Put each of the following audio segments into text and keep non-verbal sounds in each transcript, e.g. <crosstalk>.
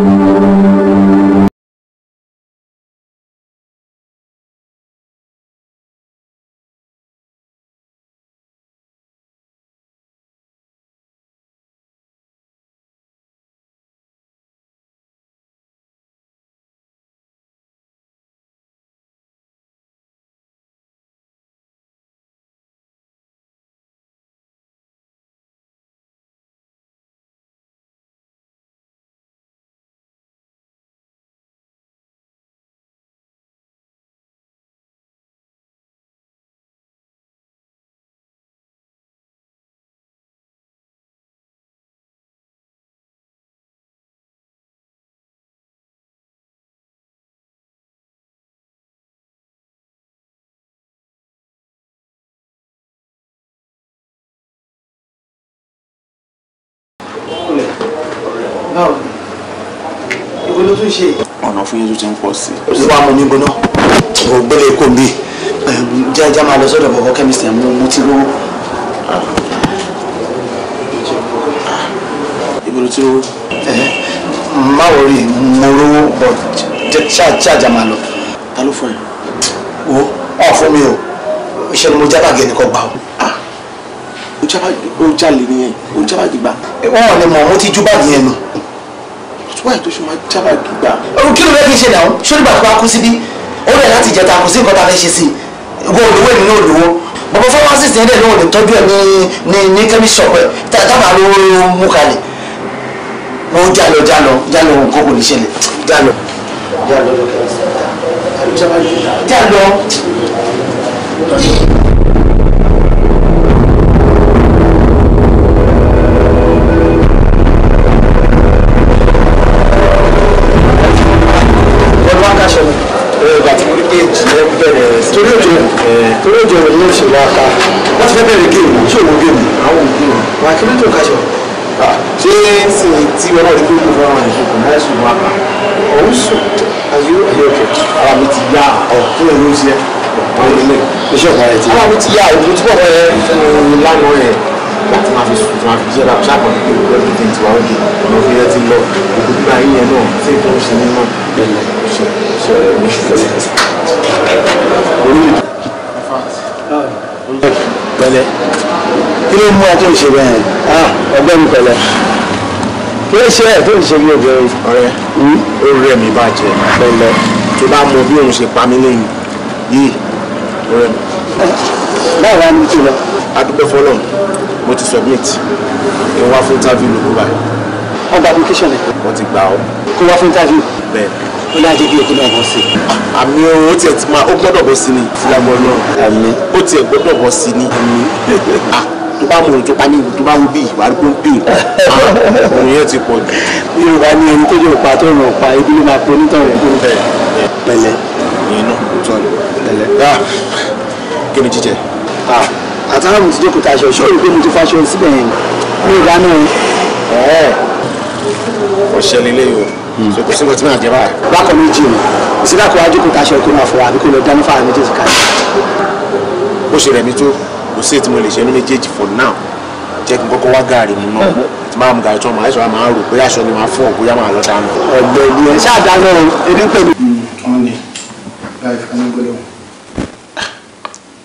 you báwo ọ̀nà fún yín tó ti ń pọ̀ sí. ó sì wá mọ níbo náà kò gbélé kò ń bí jẹ́jẹ́ máa lọ sọ́dọ̀ bọ̀bọ̀ kẹ́mísì ẹ̀ mú ti lówó. Ah, ibo ló ti lówó. má wọrí mo rówó bọ̀ ṣáàjà máa lọ. ta ló fún ẹ. o ọ̀ fún mi o iṣẹ́ ni mo jábà gẹ̀ nìkan gbà o. Ah, o jábà o jalè nìyẹn o jábà gbà. wọn ò mo ti ju báàgì yẹn nù wáyé tó ṣe máa jábà gbígbà. ohun kí ló fẹ́ kí n ṣe náà sórí bàtà bá kú síbí ó rẹ̀ láti jẹta kò sí nǹkan tá a fẹ́ ṣe sí i gbọ́ olówó èmi náà lówó bàbá pharmacist yẹn dẹ̀ lè tọ́jú ẹ̀ ní ní chemist shop ẹ̀ tábà ló mú kalẹ̀ mo jálọ jálọ jálọ nǹkan kò ní ṣẹlẹ̀ jálọ. jálọ jálọ. yẹn náà ti dé kò fẹ́ràn ẹ̀ṣẹ̀ kò náà sùn wá kà òun sùn àti yóò yẹ kẹ ara mi ti yá ọ kí lè ló ṣe àwọn ilé iṣẹ́ ọ̀gá rẹ̀ ti yá ara mi ti yá òun tí bọ̀dọ̀ yẹ lánàá yẹ láti máa fi sùn máa fi jẹ́ra ṣáàpọ̀ nípa ìwé ẹ̀mí tí tiwa ó di ọ̀nà fi yẹ ti lọ òkú gbígbà yíyẹn náà ṣé tó ń ṣe nínú ẹ̀lẹ́ ṣe ṣe ọ̀rẹ́ mi ṣe pẹ̀lẹ́ kí ló mú ẹ tó ń ṣe bẹ́ẹ̀ ọgbẹ́ mi pẹ̀lẹ́ kí ló ṣe ẹ tó ń ṣe bí obìnrin. ọ̀rẹ́ ó hmm? rẹ̀ mí bàjẹ́ lọ́lọ́ tó bá mọ bí òun ṣe pa mí lẹ́yìn yìí ó rẹ̀ mí. báwo wá ní kí lọ. adúpẹ́ fọlọ́ mo ti submit kí n wá fún interview lóko báyìí. wọ́n gba application ẹ̀. wọ́n ti gbà ọ́. kó wá fún interview. bẹ́ẹ̀ ó dájú bí òkú náà bọ́ sí. àmì o tiẹ̀ ti máa ó gbọ́dọ̀ bọ́ sí ni. àmì ó tiẹ̀ gbọ́dọ̀ bọ́ sí ni. àmì <laughs> tó bá mọ ìjọba ní ìlú tó bá wú bí ìwà ló ń pè é òun yẹn ti pọ̀ jù. yorùbá ní ẹni tó yóò pa tó ràn pa ibi ló máa poní tán rẹ̀ fún bẹ́ẹ̀ pẹ̀lẹ́. ìyẹn náà kò tọ́ ọ pẹ̀lẹ́. Ah, kí ni jíjẹ. Ah, àtàwọn mi ti jókòó ta aṣọ ṣọ́ọ̀rù pé mo ti faṣọ síbẹ̀ yẹn ní ìdáná ẹ̀. ọ̀ṣẹ́ lílé yìí o ṣe hmm. kò sí nǹkan tí máa jẹ báyìí. bákan méjì o ìsìlákọ̀ọ́ ajókòó ta aṣọ ìkó máa fọ àbí kò lọ dáná fáwọn méjèèjì káyọ̀. bó ṣe rẹ̀ mí kò sí ètí mo lè ṣe inú méjèèjì for now jẹ́ kí n kọ́kọ́ wá gààrí mu náà tí máa mu gààrí tí wọ́n máa ṣọ́ra máa rò bóyá aṣọ ni máa fún ọ bóyá máa lọ dáná. ọ̀gbẹ́ ni ẹ ṣáà dáná o ebi pẹ̀lú.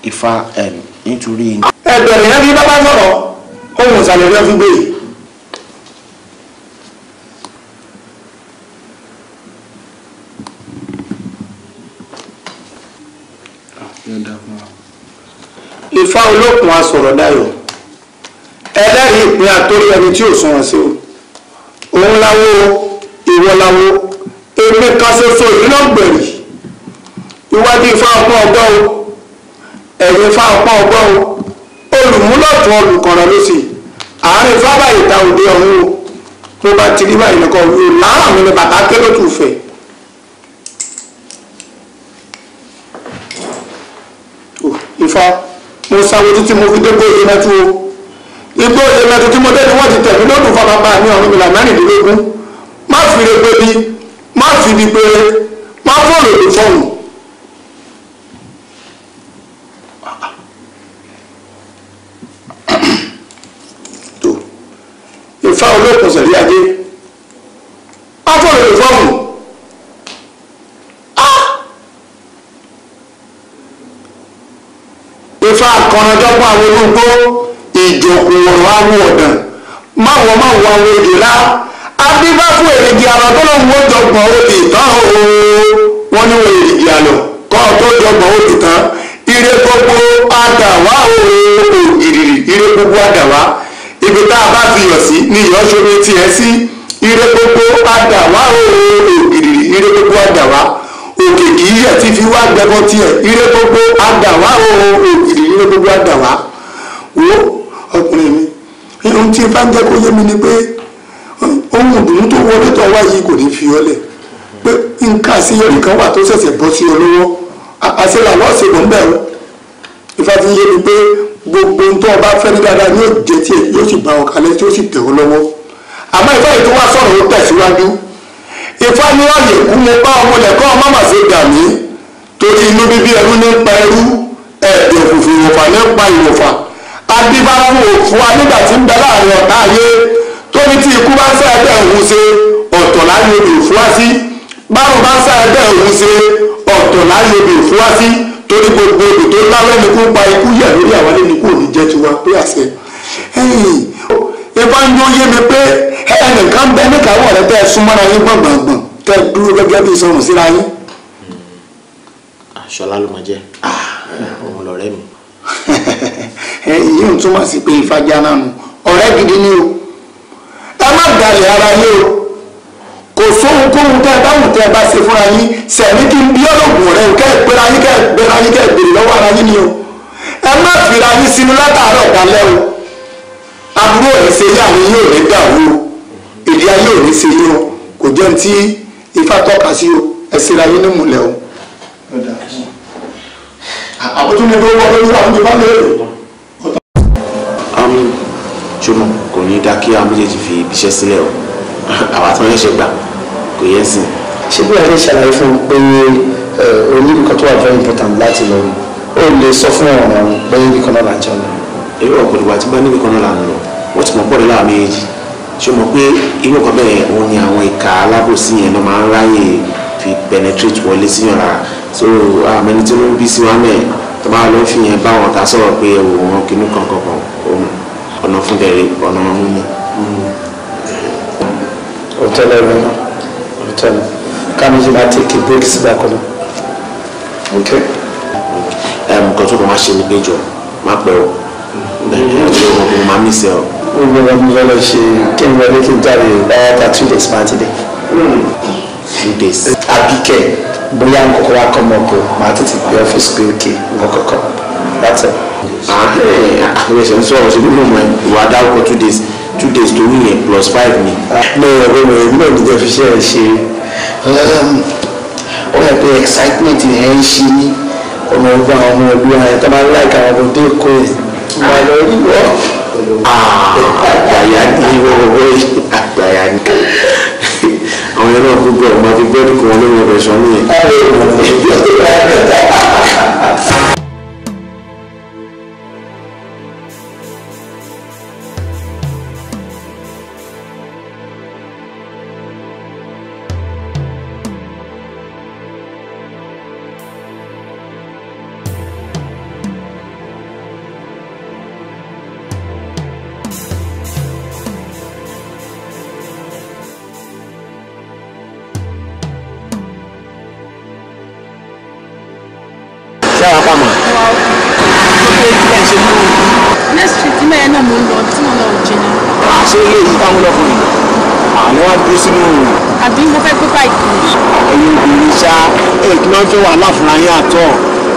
ìfa nítorí. ẹ yẹn bí bá bá sọ̀rọ̀ ohun ìsàlẹ̀ rẹ̀ fi gbé yìí. ifá olókun asọ̀rọ̀ dayọ̀ ẹlẹ́rìí ìpín àtórí ẹni tí ò sunwọ̀n sí o òun láwo ìwọ láwo èmi kan ṣoṣo ìlọ́gbẹ̀rì iwájú ifá ọpọ́n ọgbọ́n o ẹ̀yìn ifá ọpọ́n ọgbọ́n o olùmúlọ̀tún olùkọ̀rọ̀ ló sì àárín ifá báyìí ta òde ọ̀hún o tó bá ti rí báyìí nìkan òun làárọ̀ mi ni bàtà kélòtù fẹ̀. ifá mo sáwó títí mo fi dé gbóyè mẹ́tú o igbó oyè mẹ́tú tí mo dé ni wọ́n ti tẹ̀mí lódùn fọlọ́pá ní ọ̀run mi làmẹ́rìndínlógún má fi re gbé bi má fi di pé má fọ̀rọ̀ lè fọ̀hún àkànràjọpọ̀ àwọn olùkọ́ ìjòkó ọ̀rọ̀ àwọn ọ̀dàn máwọ̀ máwọ̀ àwọn òdì rá adébá fún èrìgì àlọ́ tó lóun ó jọgbọ̀n òdì tán o wọ́n ní èrìgì àlọ́ kọ́ tó jọgbọ̀n òdì tán ire gbogbo àdàwà o ìrìrì ire gbogbo àdàwà ibi tá a bá fi yọ̀ sí ni yọ̀ ṣomi tiẹ̀ sí ire gbogbo àdàwà o ìrìrì ire gbogbo àdàwà òkìkí yẹ ti fi wá gbẹbọ tiẹ̀ ire gbogbo àdàwà o òkìkí ire gbogbo àdàwà wo ọkùnrin mi ohun tí bá ń jẹ́ kó yé mi ni pé ohun ìdùnnú tó wọlé tó wá yìí kò ní fi ọ́ lẹ̀ pé nǹkan àṣeyọrí kan wà tó ṣẹ̀ṣẹ̀ bọ́ sí ọ lọ́wọ́ àṣelàwọ̀ ṣe ló ń bẹ̀ ọ́ ìfà ti yé mi pé gbogbo ohun tó ọba fẹ́ ní dáadáa yóò jẹ́ tiẹ̀ yóò sì bá ọ kalẹ̀ tí ó sì tẹ̀ ọ́ lọ́wọ́ àmọ́ ìfà yìí tó wá sọ̀rọ̀ ó tẹ̀síwájú ifá ní ọ̀yẹ̀ kú mo bá ọmọ lẹ́kọ́ ọmọ mà ṣe gbà mí torí inú bíbí ẹrú ní pa ẹrú ẹ̀ẹ́dẹ̀ òfòfò ìwòfà ní pa ìwòfà adébáwò fún wa nígbà tí ń bẹ láàrin ọ̀tá ayé tóbi tí ikú bá ń sá ẹgbẹ́ òun ṣe ọ̀tọ̀ láyé obì fún wa sí báwo bá ń sá ẹgbẹ́ òun ṣe ọ̀tọ̀ láyé obì fún wa sí torí gbogbo obì tó láwẹ́ ni kó pa ikú yẹ̀ lórí àwọn ẹni kò ní jẹ́ tiwa pé àṣẹ. ẹ̀yìn ìbánjọ́ yé mi pé ẹnìkan bẹ níkàáwọ́ rẹ tẹ́ ẹ súnmọ́ra yín gbọ̀ngbọ̀ngbọ̀n tẹ́ ẹ dúró gẹ́gẹ́ bí ìsọ̀rùn síra yín. aṣọlá ló máa jẹ ah. òun lọ̀rẹ́ mi. <laughs> èyí ń túmọ̀ sí pé ìfajà náà nù ọ̀rẹ́ gidi ni o ẹ má dalẹ̀ ara yín o kò sóhun kóhun tẹ́ ẹ bá wù tẹ́ ẹ bá ṣe fúnra yín sẹ̀mí kí n bí ọlọ́gùn rẹ kẹ́ ẹ pẹ́ra yín kẹ́ ẹ pẹ́ra yín kẹ́ ẹ béèrè lọ́wọ́ ara yín ni o ẹ má fìra yín sínú látàárọ̀ dalẹ́ o àbúrò ẹ̀ ṣe yá ni yóò ní dàrú o èdè ayé ò ní ṣe yín o kò jẹ́ ní tí ifá tọ́ka sí o ẹ ṣera yín ní múlẹ̀ o. àbójú ni gbogbo ọdún wà ní bá lérò. àmì jùmọ̀ kò ní dá kí àwọn méjèèjì fi ibiṣẹ́ sílẹ̀ o àwa tí wọ́n ṣe gbà kò yẹ sí. ṣé bí wàá lè ṣàlàyé fún un pé oníbìkan tó wà very important láti lọ ó lè sọ fún ọ̀ràn pé ibìkan náà là ń jẹun. èrò ọ̀pọ̀lọpọ̀ àti bá níbìkan náà là ń lọ wọ́n ti mọ̀ pọ̀ ṣé o mọ̀ pé irú nǹkan bẹ́ẹ̀ òun ni àwọn ìka alábòsí yẹn náà máa ń ráyè fi penetrate wọlé síyàn lára so àmọ́ ẹni tí ó ń bí sí wa mẹ́ẹ̀ tó bá lọ fi yẹn bá wọn ta sọ̀rọ̀ pé ẹ̀wò wọn kìíní kankan kan òun ọ̀nà fún tẹ̀lé ọ̀nà ọ̀hún ni. òótọ́ lẹ́nu òótọ́ ni ká méjì máa take break sígbà kan náà. ok. nǹkan tó kàn máa ṣe ni péjọ máa pẹ̀rọ o máa mi sẹ o. gbogbo ọmọ mi fẹ́ lọ ṣe kí n wọlé kí n jáde báyà ta two days máa ti dé. two days. àbíkẹ́ bóyá nkọkọ wa kọ mọ bò máa tètè gbé ọfíìsì pé òkè nkọkọ látẹ. àwọn ẹsẹ̀ ń sọ̀rọ̀ ṣùgbọ́n mo mọ ìwà dáwọ́ two days two days tó wí yẹn plus five ni. mo rẹ̀ bó mo rẹ̀ bí òní jẹ́ fi ṣe ẹ̀ ṣe ó yẹ pé excitement yẹn ń ṣí ọmọ ogun àwọn ọmọ ẹgbẹ́ wọn yẹn tó máa ń láìka àwọn ọmọdé kò yẹn mà lọ rí wọ. àgbàyà ni wọ́wọ́ yìí àgbàyà ni àwọn yẹn náà gbogbo ọmọ fi gbẹ́dùkú wọn lórí ọbẹ̀ sọ nìyẹn. ṣe tí mẹ́rin náà mo ń lọ tí mo lọ ò jìnnà. àṣé ilé yìí táwọn lọ fún yìí àná wá dúró sínú òòrùn. àbí mo fẹ́ pé báyìí. ẹ̀yin obìnrin ṣá èyí tí wọ́n fẹ́ wà láfúnra yín àtọ̀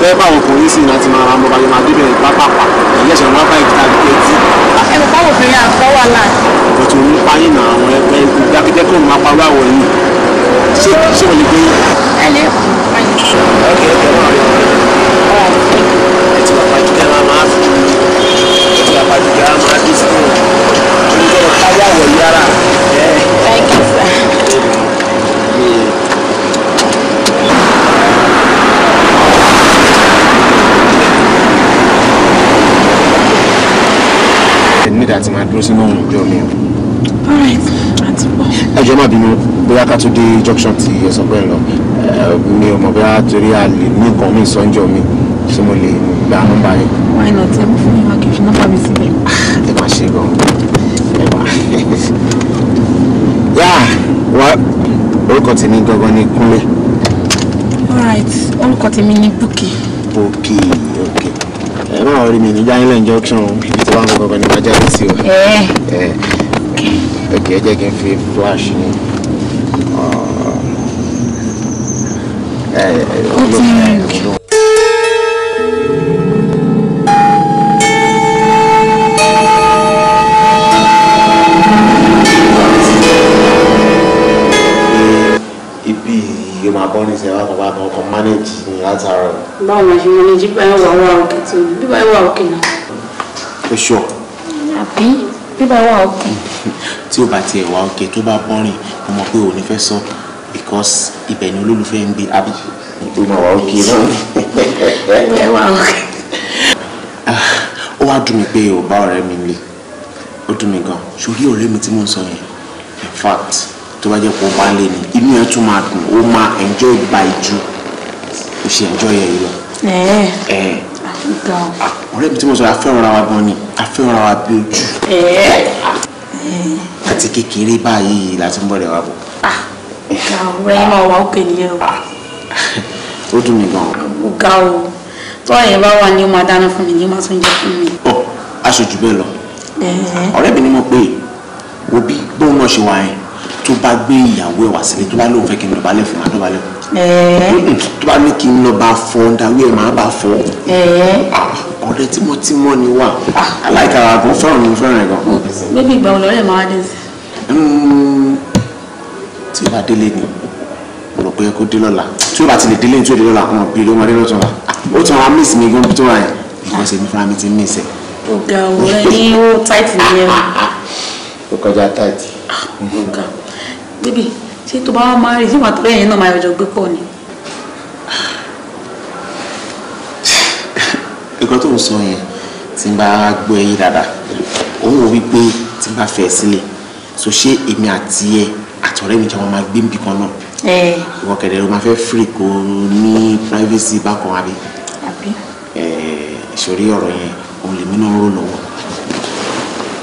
bẹ́ẹ̀ bá àwọn ọkùnrin sì láti máa ra mọ́ balẹ̀ máa débẹ̀ pápápá ẹ̀yìn ẹ̀ṣẹ̀ wọn bá ìdíta ní etí. ẹ mọ̀ báwo obìnrin àkọ́ wà láà. ìtò ń pa yín náà àwọn ẹgbẹ́ ìdákẹ́jẹ́ kò máa parọ́ àwọ̀ yìí ṣé ṣé wọ́n lè gbé ẹ lè kú báyìí. ọkẹ́ ẹ àwùjá máa dé sí òun oníjọba káyàwó yára. thank you sir. nídàá tí máa dúró sínú ọ̀hún ìjọ mi o. ẹ jọ̀ọ́ má bínú bóyá ká tó dé junction ti ẹ̀sán pẹ̀lú mi ò mọ̀ bóyá torí a lè ní nǹkan mi sọ́njọ́ mi tí mo lè mú gbà ń balẹ̀. why not ẹ mú fún mi wá kí n fi nọ́mbà mi síbẹ̀. ẹ má ṣe gan ẹ má. <laughs> yá wá orúkọ tèmi gangan ni Kúnlé. alright orúkọ tèmi ni Bùkì. Bùkì ok ẹ máa rí mi níjà nílẹ̀ injunction ibi tí wọ́n ń gangan ni wọ́n jáde sí o. ẹ ẹ ok jẹ́ kí n fi flash ní. ó ti rìn jù. ni àwọn àgbà àwọn ọkọ̀ manage ni látara. báwo la ṣe manage bíbá ìwà wà òkè tó bíbá ìwà òkè náà. o ṣọ. àbí bíbá ìwà òkè. tí o bá tiẹ̀ wà òkè tó bá bọ́rìn mo mọ̀ pé o ní fẹ́ sọ because ibẹ̀ ni olólùfẹ́ ń gbé àbí. o máa wà òkè náà. bíbá ìwà òkè. Ah, ó wá dùn mí pé o bá ọ̀rẹ́ mi lé ó dùn mí gan-an ṣòrí ọ̀rẹ́ mi tí mò ń sọ yẹn in fact tó bá jẹ́ pé o bá lé ni inú ẹ tún máa dùn ó máa enjoy by ju o ṣe enjoy ẹ yìí lọ. ọ̀rẹ́ mi tí mo sọ afẹ́ràn ara wa gan ni afẹ́ràn ara wa bí ojú. àti kékeré báyìí láti ń bọ̀ rẹ̀ wá bọ̀. ọ̀rẹ́ yín máa wà ókè nìyẹn o. ó dùn mí gan. ga o tọ́ ẹ̀ bá wà ní o máa dáná fún mi ní o máa tún jẹ fún mi. ọ aṣojú bẹ́ẹ̀ lọ ọ̀rẹ́ mi ni mo pè é wo bí náà ṣe wà tó bá gbé ìyàwó ẹ̀ wá sílé tó bá lóun fẹ́ kí n dọ̀bálẹ̀ fún wa dọ̀bálẹ̀ fún tó bá ní kí n lọ bá fọ dáwé ẹ̀ máa bá fọ ọ̀rẹ́ ah, tímọ́tímọ́ ni wà aláìkàrà ah, àgbọn fẹ́ràn mi fẹ́ràn ẹ̀ gan. Mm. bébí ìgbà ọlọ́rẹ̀ máa dé sí. Mm, tí ó bá délé ni mo rò pé kó dé lọ́la tí ó bá ti lè délé tí ó dé lọ́la kan bí ló máa dé lọ́tún wa ó tún wa miss mi gan tó wà yẹn because èmi fúnra mi ti miss ẹ. ọ̀gá òun ẹni ó táìtì ní ẹ̀rù. <laughs> ó kọjá táìtì bíbí ṣé tó bá wá máa rí síwájú pé ẹ̀yin náà máa yọjọ gbé pọ̀ ni. nǹkan tó ń sọ yẹn tí n bá gbọ́ ẹ̀yin dáadáa òun ò wípé tí n bá fẹ́ sílẹ̀ so ṣé èmi àti ẹ àtọ̀rẹ́ mi jẹ́ máa gbé níbì kan náà ìwọ kẹ̀dẹ̀ ló máa fẹ́ free kó ní privacy bákan àbí ìṣòrí ọ̀rọ̀ yẹn òun lèmi náà ń rò lọ́wọ́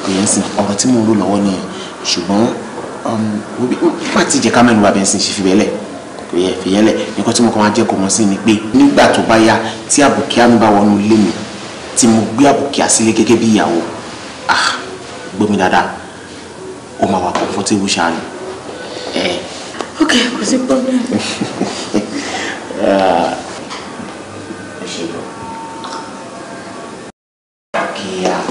ìyẹn sì ọ̀rọ̀ tí mò ń rò lọ́wọ́ nìyẹn ṣùgbọ́n nígbà um, tí ìjẹ́ká mẹ́nu bá bẹ̀rẹ̀ sí ṣe fi bẹ́lẹ̀ kò yẹ mo kàn máa jẹ́ kó mọ̀ sí ni pé nígbà tó bá yá tí àbùkíá mi bá wọnú ilé mi tí mo gbé àbùkíá sílé gẹ́gẹ́ bí ìyàwó ah gbómi dáadáa ó máa wà comfortable ṣáà ni. ok kò sí problem. Yeah.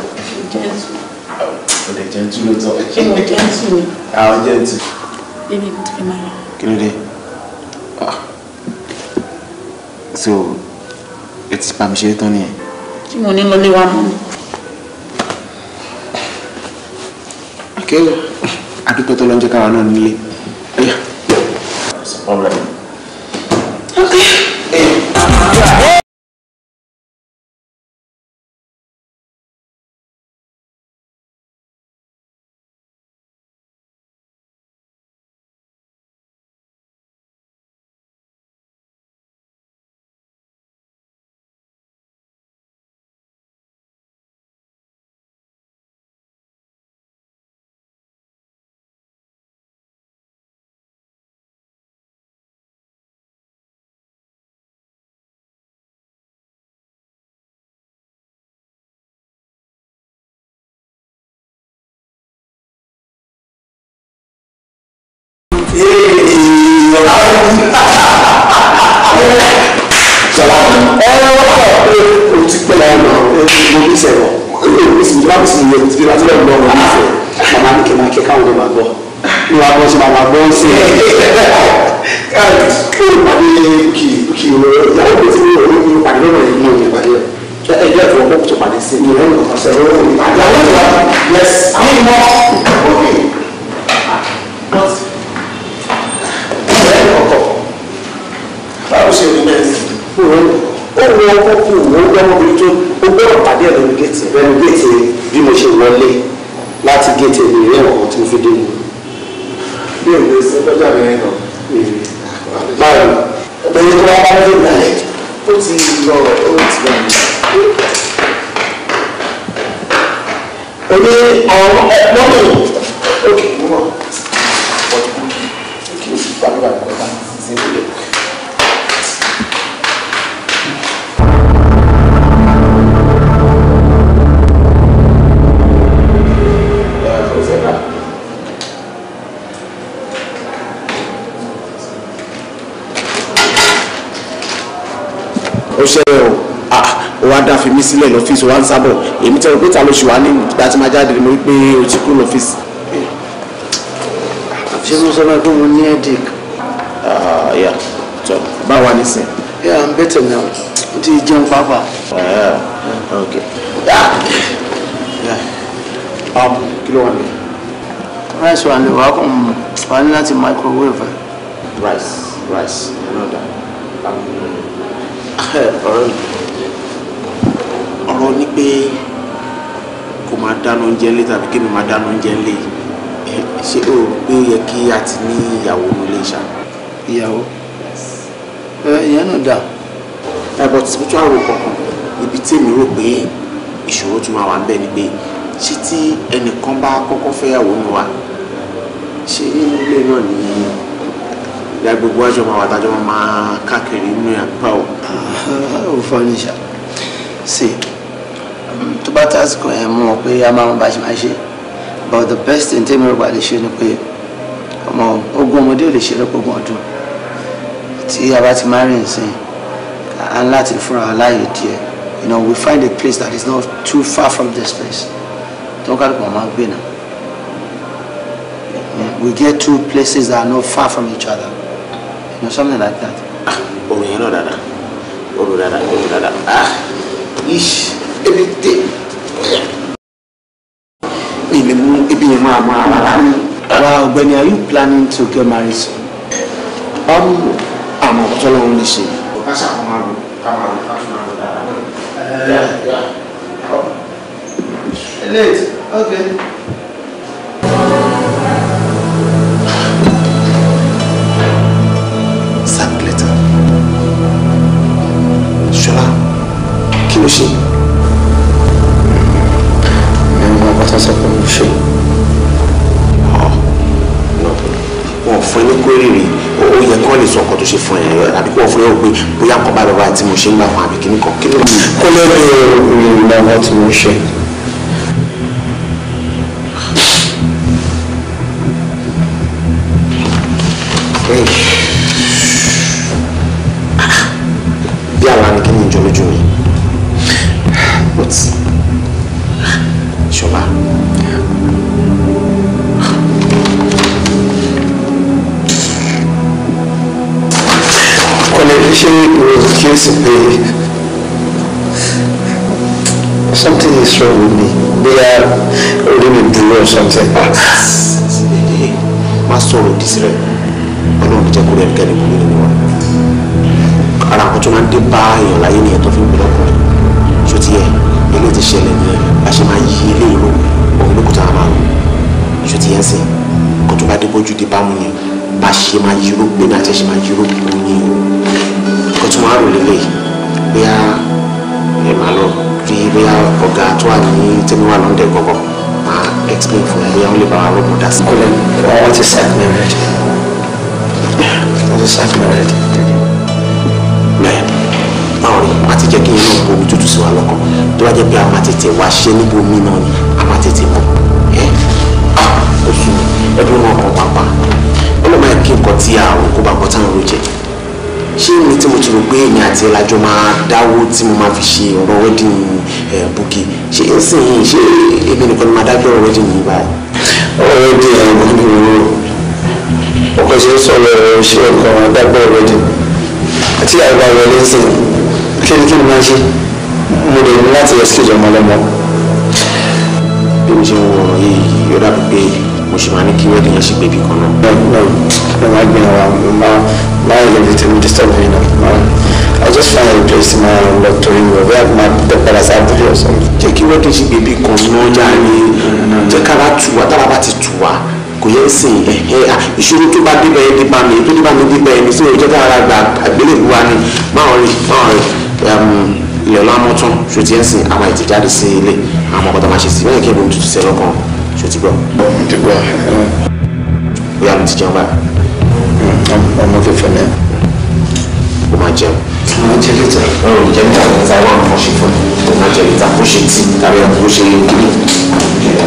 Yes. <laughs> Oh o lè jẹ́ tú ló tọ́. èèyàn jẹ́ ni. àwọn jẹ́ tú. bébí kò tẹ́ máa rà. so ẹ ti pa mi ṣeré tán nìyẹn. tí mo ní lọlé wa mọ́ ni. akẹ́wò tó lọ ń jẹ́ káwa náà nílé. ọ̀rẹ́. okay. ọ̀rọ̀ ọ̀pọ̀ pé o ti pẹ́ lọ́nà ẹni mo bí sẹ̀rọ̀ ẹni mo bí sẹ̀rọ̀ bá mi sì yẹ ti bí ma ti lọ́ọ̀ lọ́ọ̀ mi fẹ́ màmá mi kì í máa kí káwọn ọmọ gbọ́ ní wàá bọ́ sí màmá gbọ́ sí ẹ̀ kí o pàdé kì kì o yàrá mi ti ní òun ní pàdé lọ́wọ́ yìí ní òun ìpàdé ẹ̀ ẹ̀ yẹ́ ìfowópamọ́ tó pàdé sí ní ìrẹ́lẹ̀ ọ̀sẹ̀ lọ́wọ́ ìpàdé àwọn báwo ṣe rí bẹ́ẹ̀ sí. ó wọ ọkọ kù wọ ọgbọmọbìnrin tó ó gbọ́dọ̀ pàdé ẹ lẹnu géètì lẹnu bí mo ṣe wọlé láti géètì èmi rí ọkọ tí mo fi dé mi. bí o lè ṣe lọ́jà mẹ́rin náà. báwo ọ̀gbẹ́ni tó bá bá dé ìgbàlẹ̀ ó ti lọ ó ti lọ. oní ọ̀rọ̀ mọ́tò dá fi mí sílẹ̀ lọ́fíìsì wa ń sábọ̀ èmi tẹ̀wọ́ pé ta ló ṣe wá ní ìgbà tí máa jáde mo rí pé o ti kúrò lọ́fíìsì. ṣé mo sọ pé mo ní headache. Ah, yà tọ báwa ní sẹ. yà i'm better now n ti jẹun pápá. Ah, ok. Ah! Um, kí ló wà ní. rice wà ní wàá kàn mm, wà ní láti microwave. rice rice you know <laughs> òun ni pé kò máa dáná oúnjẹ ńlé tàbí kí mi máa dáná oúnjẹ ńlé ṣé o rò pé ó yẹ kí a ti ní ìyàwó ní ilé ìṣá. ìyàwó ẹ ìyẹn náà dà. ẹ bọ̀ tí mo tún àrò kankan ibi tí èmi rò pé ìṣòro tún máa wà ń bẹ ni pé ṣé tí ẹnìkan bá kọ́kọ́ fẹ́yàwó ni wa ṣé inú ilé náà ni ìyá gbogbo àjọ máa wà tájọ máa káàkiri inú ìyàpá o. ó fọ́ ní sí i tó bá tásìkò yẹn mú wọn pé a máa ń bá ṣe máa ṣe but the best thing tèmi rògbà lè ṣe ni pé ọmọ ogún ọmọdé ò lè ṣe lọ́pọ̀ ogún ọdún tí a bá ti máa rìn sí à ń láti fúnra láàyè díẹ̀ you know we find a place that is not too far from this place tó ń kálukú ọmọ gbé náà we get two places that are not far from each other you know something like that. orin ah, yẹn náà dáadáa orin dáadáa orin dáadáa ah ish every day mi ni mú ibi yẹn máa máa rárá mi. wa are you planning to get married soon. ọmọ um, àmọ́ ọ̀tọ́ lọ́run lè ṣe. ká ṣàkóso àrùn ká máa rò ká fún àrùn dáadáa. late okay. Sack later. Shola, kí ló nǹkan tó sọ pé mo ṣe ah, wọn fún ẹ ní kórìrì ó yẹ kí wọn lè sọ ọkọ tó ṣe fún ẹ àbí kí wọn fún ẹ rò pé bóyá kọ bá bàbá àti mo ṣe ń gbà fún àbí kíní kan kíní. kó lóde ìrìnà wọn tí mo ṣe. Hey. ìwé kíyèsí pé something is wrong with me They are orí mi the or something. Ah, Master, sọ̀rọ̀ òdì sí rẹ̀ ọlọ́run jẹ́ kó rẹ̀ kẹ́ni mú mi nínú wa ara àwọn tó máa ń dé bá èèyàn láyé nìyẹn tó fi ń gbọ́dọ̀ kọ́ ẹ̀ ilé ti ṣẹlẹ̀ ní bá ṣe máa yí ilé ìlú òun ló kó tá máa rò ṣó ti yẹ ń sìn tó bá dé bójú dé bá mu ni bá ṣe máa yí ró pé ní ṣe máa yí ró pé ní o mo á rò lélẹ̀ bóyá ẹ máa lọ rí bóyá ọ̀gá tó wà ní tẹ́mi wà lọ́ndẹ̀ gbọ́gbọ́ máa explain fún mi bóyá ó lè bá wa rọ́pò dá sí. kọ́lẹ̀ wọ́n ti sack me already wọ́n ti sack me already. bẹ́ẹ̀ báwo ni wọ́n ti jẹ́ kí inú omi tútù sí wa lọ́kàn tó wá jẹ́ pé a máa tètè wá ṣe níbo mí náà ni a máa tètè mọ̀ ẹ́ oṣù ẹ̀dùn náà kọ̀ pàápàá ó lè máa kí nǹkan tí a ò kó bá bọ́ táwọn jẹ́ ṣé mi tí mo ti rò pé èmi àti ẹlajọ máa dáwó tí mo máa fi ṣe ọ̀rọ̀ wedding bùkì ṣé nsìnyí ṣé èmi nìkan ni máa dájọ́ ọ̀rọ̀ wedding yìí báyìí. ọ̀rọ̀ di àwọn ìgbìmọ̀ ọkọ̀ ṣe ń sọ̀rọ̀ ọ̀rọ̀ ṣé ọkàn dágbọ́ ọ̀rọ̀ di àti àgbà wọlé ń sìn kí ni kí ni máa ṣe mo lè ní láti rescue ọmọlọmọ. bí mo ṣe ń wọ yìí yọ̀dà mo ṣe máa ní kí wẹ́ẹ̀dì yẹn ṣe bèbí kan náà. ẹ máa gbìn wa mo máa máa yẹ lórí tèmi disturb mi náà I just find a place to my own doctor in your way máa bẹ padà sí abúlé ọ̀sán. jẹ́ kí wẹ́ẹ̀dì ṣe bèbí kan náà jáde mm-hmm. jẹ́ kára tù wá tára bá ti tù wá kò yẹ sìn ẹ ẹ ìṣòro tó bá débẹ̀ ẹni bá mi tó débà mi débẹ̀ ẹni sí ìjọba ara gba àgbélébù wa ni báwọn rí báwọn rí ilẹ̀ ọlọ́mọ́tún ṣòtí ẹ̀sìn àwọn ìtìjáde sí ilé àwọn ọ̀gọ́dọ̀ máa ṣe sí bẹ́ẹ̀ kí ẹ̀bùn tuntun sí ẹlọ́kọ̀ọ́ ṣe ti gbọ́. ti gbọ́ ìyá mi ti jẹun báyìí. ọmọ fífẹ́ náà. o máa jẹun. o jẹ lítà. o jẹ lítà ní taiwan kan ṣe fún mi. o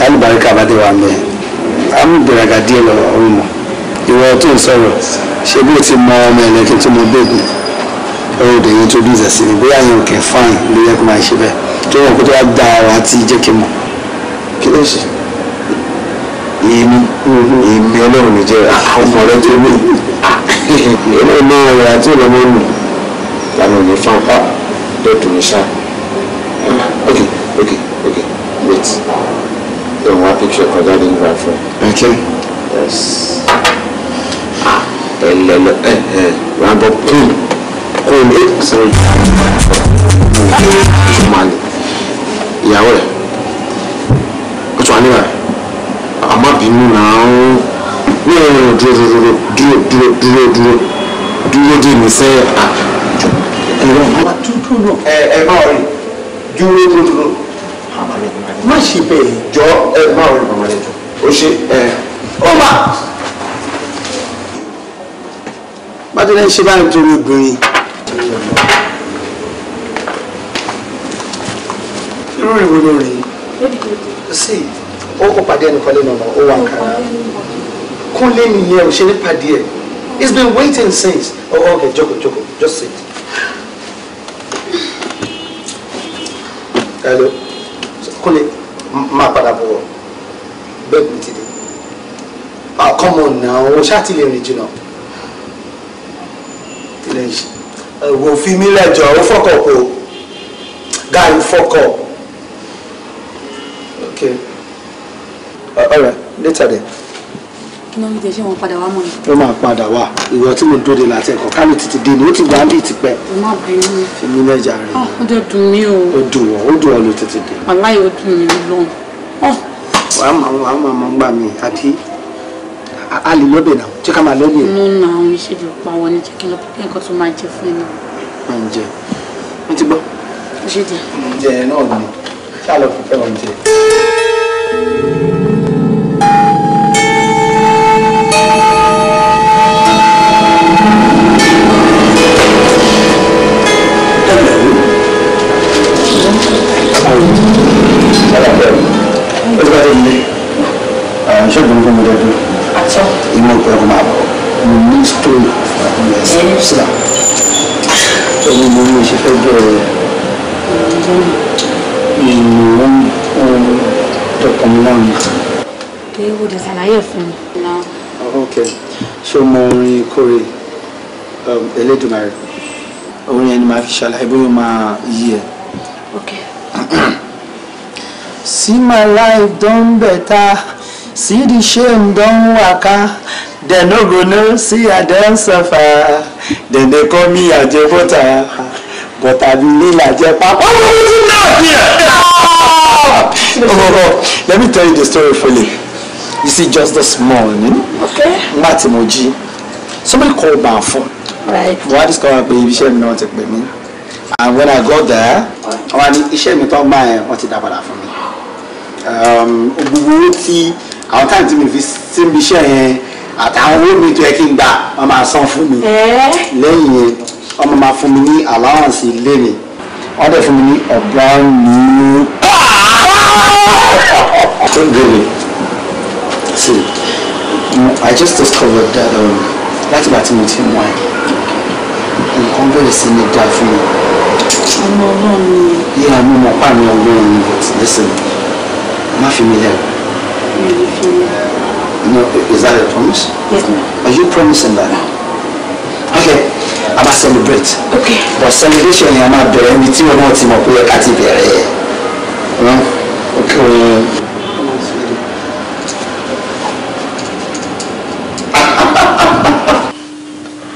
tálí baríkà bá dé wà mẹ́ a mú ìgbéraga díẹ̀ lọ ọ̀run mọ̀ ìwọ tó ń sọ̀rọ̀ ṣé bí o ti mọ ọmọ ẹ̀lẹ́kẹ́ tó mọ bẹ́ẹ̀gùn ọ̀rọ̀ òde yẹn tó dùn sí ni bóyá yẹn ò kẹ́ fáìn ló yẹ kó máa ṣe bẹ́ẹ̀ tó yẹ kó tó wá gba ara àti jẹ́ kí mọ̀ kí ló ṣe èmi èmi ọlọ́run mi jẹ́ ọmọ rẹ tó mi èmi ò náà rẹ àti ìlọmọ mi lànà ò ní fáwọn pa lọ́dún ní ṣáà ok ok ok wait òun wá picture kan jáde nígbà fún ah, ẹ. ẹ kí. yes. ẹlẹ lọ ẹ ẹ wàá bọ kún kún ẹ eh, sọ̀rọ̀ ìṣùmọ̀lẹ̀ ìyàwó ẹ̀ ó tún wà níwà àmọ́ bínú náà ń dúró dúró dúró dúró dúró dúró dúró dé mi sẹ́yìn. Ah, ẹ ẹ má rí dúró dúró dúró má ṣe bẹ́ẹ̀ jọ ẹ má rí màmá rẹ jọ ó ṣe ẹ ó mà. bájúlẹ̀ ń ṣe báyìí nítorí obìnrin. irú ìwé ló rí sí ó kó pàdé ẹnìkan lẹ́nu ọ̀nà ó wà kára kúnlé nìyẹn ò ṣe ní pàdé ẹ̀ it's been waiting since oh okay jókòó jókòó just sit. Hello kúnlẹ̀ máa padà bọ̀ bẹ́ẹ̀ mi ti dé àkọ́mọ̀ ah, náà o ṣáà lè rìn jìnnà ilé yìí wò fi mí lẹ́jọ́ ó fọ́kọ̀ o guy fọ́kọ̀ okay uh, all right later then kí ló ń jẹ ṣé wọn padà wá mọ ni. ó máa padà wá ìwọ tí mo dóde láti ẹkọ kálí títí dé ni ó ti gbà ń bí ìtìpẹ. o má bínú. fi mí lẹ́jà rẹ̀. Ah, ó jẹ́ dùn mí o. ó dùn ọ ó dùn ọ ló tètè dé. aláì ó dùn mí lọ́n. Ah. wàá máa wàá máa máa gbà mí àbí a lè lọ́bẹ̀ náà jẹ́ ká máa lọ́bẹ̀. mo na àwọn ìṣèlú pa wọn ní jẹ́ kí n lọ pé nǹkan tó máa jẹ fún ẹni. máa ń jẹ o ti bá dé ilé ṣọ́ọ̀bù ní fúnmi dẹ́dọ́ ìmọ̀ ìpẹ́kọ̀ máa bọ̀ mo ní sítórì sílá ẹni mo ní ṣe fẹ́ bẹ̀rẹ̀ ìnáwó tọkàn lọ́rùn. ewu de ṣàlàyé fún mi. o mọ orin kórè Elédùmarè orin ẹni ṣàlàyé bóyá máa yí ẹ. See my life done better. See the shame done waka. They no go know, see I don suffer. Then they call me Ajebota. But I believe Ajepa. What was ah! oh, oh, oh, let me tell you the story fully. You see, just this morning, okay. Matimoji, somebody called my phone. Right. Wọ́n á discover pé ibi iṣẹ́ mi náà ti pè mí. And when I got there, wọ́n á ní iṣẹ́ mi tó ń bá yẹn, wọ́n ti dá padà Um, gbogbo owó àwọn táwọn mi fi sí mi iṣẹ́ yẹn àtàwọn owó mi tó yẹ kí n gbà wọ́n máa san fún mi lẹ́yìn yẹn wọ́n máa fún mi ní allowance ilé mi wọ́n dẹ̀ fún mi ní ọ̀gá mi. <laughs> see, I just discovered that um, láti ìgbà tí mo ti mú ẹ nǹkan bẹ̀rẹ̀ sí ní dáa fún mi. ọmọ ọlọ́run but listen má fi mi lẹ́nu. No, is that a promise? Yes, ma'am. Are you promising that? Okay, I'm gonna celebrate. Okay. But celebration yẹn máa bẹ̀rẹ̀ ní tí wọn náà ti mọ̀ pé ẹ̀ka the bẹ̀rẹ̀ yẹ. Okay.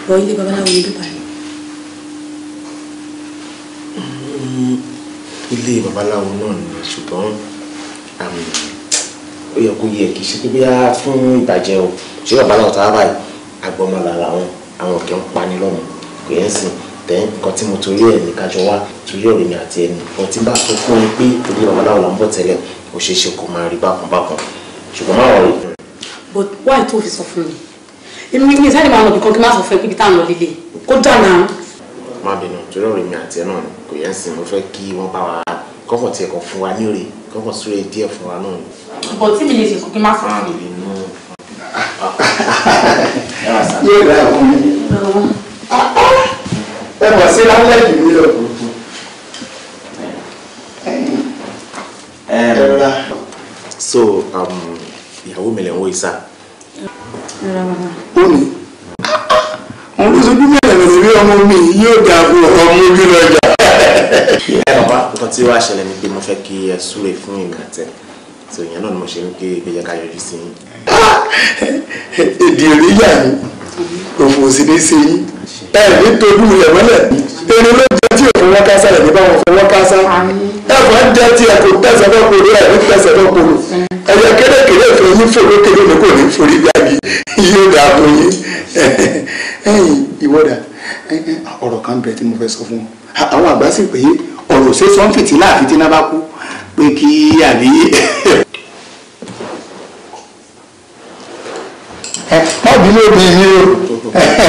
Bọ̀ ilé babaláwo ni bíbá rẹ̀. Ilé babaláwo náà ni ṣùgbọ́n. Um, ó yẹ kó yẹ kì í ṣe pé bíyà fún ìbàjẹ́ o ṣé bàbá náà sábà àgbọ̀mọ̀ lára wọn àwọn kì í ń pani lọ́mọ kò yẹn sìn tẹ́ nǹkan tí mo torí ẹ̀ ní kájọ wá torí ọ̀rẹ́ mi àti ẹni ọ̀ tí bá sọ fún ẹ pé torí babaláwo là ń bọ̀ tẹ́lẹ̀ ó ṣeé ṣe kó máa rí bákan bákan ṣùgbọ́n má wọlé. but why tó fi sọ fún mi èmi mi sáré máa lọ bìkan kí n má sọ fún ẹ pé kí táwọn lọ líle kó dànù àrùn. má bínú torí ọ̀rẹ́ mi àti ẹ náà kò yẹn sìn mo fẹ́ kí wọ́n bá wa kọ́kọ̀ tiẹ̀ kan fún wa ní òrè kọ́kọ́ sórí díẹ̀ fún wa náà. bọ̀ tí mi lè ṣe kókè má sọ fún mi. yóò rà fún mi. ẹ mọ̀ sí lálẹ́ jù mí lọ. so um, ìyàwó mi lè ń wo ìsà. ó ní ah, ah, òun ló sojú mẹ́rin lórí ọmọ mi yóò dàbò ọmọ mi lọ́jà tí ó wá ṣẹlẹ̀ ni pé mo fẹ́ kí ẹ súre fún ìrìn àtẹ tó ìyẹn náà ni mo ṣe ń pé kí ẹ ká yọjú sí yín. èdè òní yà mí òfò sì ní ṣe yín ẹ ní tolú rẹ mọ́lẹ̀ eré ló jẹ́ tí òfò wọ́n kásá rẹ̀ nígbà wọn fọ wọ́n kásá ẹ̀fọ́ ń jẹ́ tí ẹ kò tẹ̀sẹ̀ fẹ́ koro ẹ̀ ní tẹ̀sẹ̀ fẹ́ koro ẹ̀yẹ kérékèré fún yín fòró kéré ni kò ní forí gbàgbé yóò dáa fún yín ẹ̀yìn ìwọ́dà ọ̀rọ̀ kan bẹ̀ tí mo fẹ́ sọ fún àwọn àgbà sì pé ọ̀rọ̀ ṣé sọ́nfìtì láàfin tí iná bá kú pé kí àbí. wọ́n bí ló bí mi o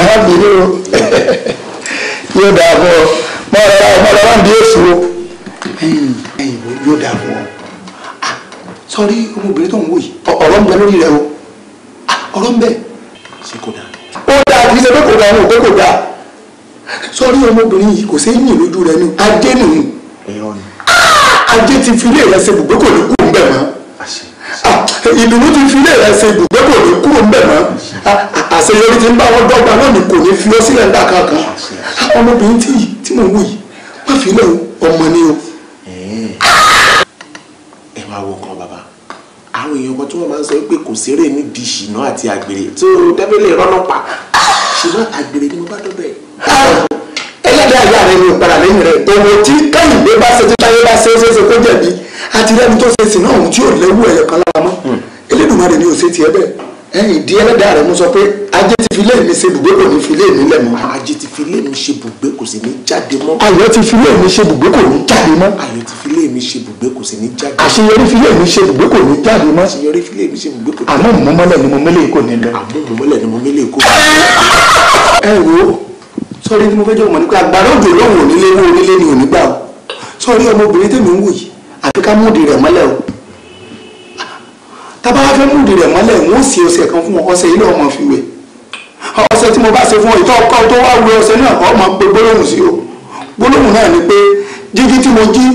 wọ́n bí ló yóò dáa fún ọ mọ ọ̀rọ̀ ọmọ ọ̀rọ̀ ń bí èso o ẹ̀yìn ẹ̀yìn wo yóò dáa fún ọ ah, sọrí ọmọbìnrin tó ń wò yìí ọ̀rọ̀ ń bẹ lórí rẹ o ah, ọ̀rọ̀ ń bẹ. ṣé kò dáa. ó dáa kì í ṣe pé kò dáa ní kò dáa sọrí ọmọbìnrin yìí kò sí lójú rẹ ni adé nìyí ajé ti fi ilé rẹ ṣe ibùgbé kò ní kú ń bẹ̀ mọ́ ah, ìdùnnú ti fi ilé rẹ ṣe ibùgbé kò ní kú ń bẹ̀ mọ́ ah, àṣeyọrí ti ń bá wọn dọ́gba lónìí kò ní fi ọ sílẹ̀ ńlá kankan ah, ọmọbìnrin tí tí mò ń wò yìí má fi ilé ọmọ ni o. ẹ máa wo kan bàbá àwọn èèyàn kan tí wọ́n máa ń sọ pé kò séré nídìí ìṣìná àti àgbèrè tó dábẹ́lẹ̀ rọ́nà pa ṣùgbọ́n àgbèrè ni mo bá dọ́bẹ̀ bóyá ìyá ni ìpara lẹ́yìn rẹ èwo tí kẹ́hìndé bá ṣe tí táyé bá ṣe é ṣeéṣe kó jẹ̀bi àti rẹ́ni tó ṣe sí náà òun tí ò léwu ẹ̀yọ̀ kan lára mọ́ hmm. Elédùmarè ni ò ṣe tiẹ̀ bẹ́ẹ̀ ẹ̀yìn ìdí ẹlẹ́dàá rẹ̀ mo sọ pé ajé ti fi lé mi ṣe bùgbé kò ní fi lé mi lẹ̀ mọ́. ajé ti fi lé mi ṣe bùgbé kò sì ní jáde mọ́. ayọ̀ ti fi lé mi ṣe bùgbé kò ní jáde mọ́. ayọ̀ ti fi lé mi ṣe bùgbé kò sì ní jáde mọ́. àṣeyọrí fi lé mi ṣe bùgbé kò ní jáde mọ́. àṣeyọrí fi lé mi ṣe bùgbé kò ní jáde mọ́. àmọ́ mọ́mọ́lẹ̀ ni mo mẹ́lẹ̀ kò ní lọ. àmọ́ mọ́mọ́lẹ̀ ni mo mẹ́lẹ̀ kò ní lọ. ẹ wo sọrí tí mo fẹ́ jẹ́ ọmọ nípa agbára òjò lọ́wọ́ onílé ní onílé ní onígbà o sọrí ọmọbìnrin tèmi ń wò yìí àfi ká múdi rẹ̀ mọ́lẹ̀ o tábà wá fẹ́ múdi rẹ̀ mọ́lẹ̀ wọ́n sì ọṣẹ kan fún ọṣẹ ilé ọmọ fi wẹ̀ ọṣẹ tí mo bá ṣe fún ọ ìtọ́ ọkọ tó wá wẹ ọṣẹ náà ọmọ pé gbólóhùn sí o gbólóhùn náà ni pé jíjí tí mo jí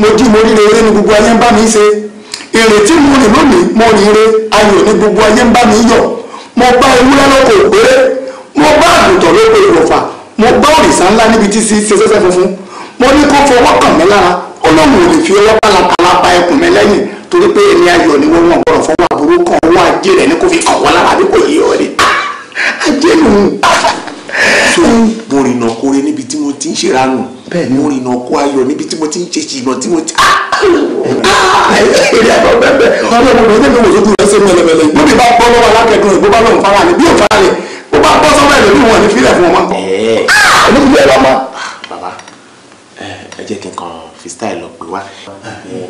mo jí mo ríre eré ni gbogbo ayé ń bá mi ṣe ìrètí mo rìn lónìí mo rìn re ayọ̀ ni gbogbo ayé ń bá mi yọ̀ mo bá ewúrẹ́ lọ́kọ̀ òpéré mo bá àgùntàn ló pé ìwọ̀fà mo bá òrìṣà ńlá níbi tí sí ṣe sẹ́sẹ́ funfun mo ní kó fọwọ́ kàn mí lára ó lóun ò lè fi ọwọ́ pálapàla pa ẹkùn mi lẹ́yìn torí pé èmi ayọ̀ ni wọ́n wọ́n gbọ́dọ̀ fọwọ́ àbúrò kan owó ajé rẹ̀ ní kó fi kàn wọ́n lára bí kò yé ọ ni ajé nù. so mo rìnà kore níbi tí mo ti ń ṣe ranù mo rìnà kó ayọ̀ níbi tí mo ti ń ṣe ṣìnà tí mo ti. èrè àbọ̀ bẹ́ẹ̀ bẹ́ẹ̀ ọlọ́run mi ò bá bọ́ sọ́wọ́ ẹ̀rọ ní wọn ní fílẹ̀ fún ọmọ. Ah! ẹni kúlẹ̀ wà má. bàbá ẹ jẹ́ kí n kàn fi style lọ pé wá.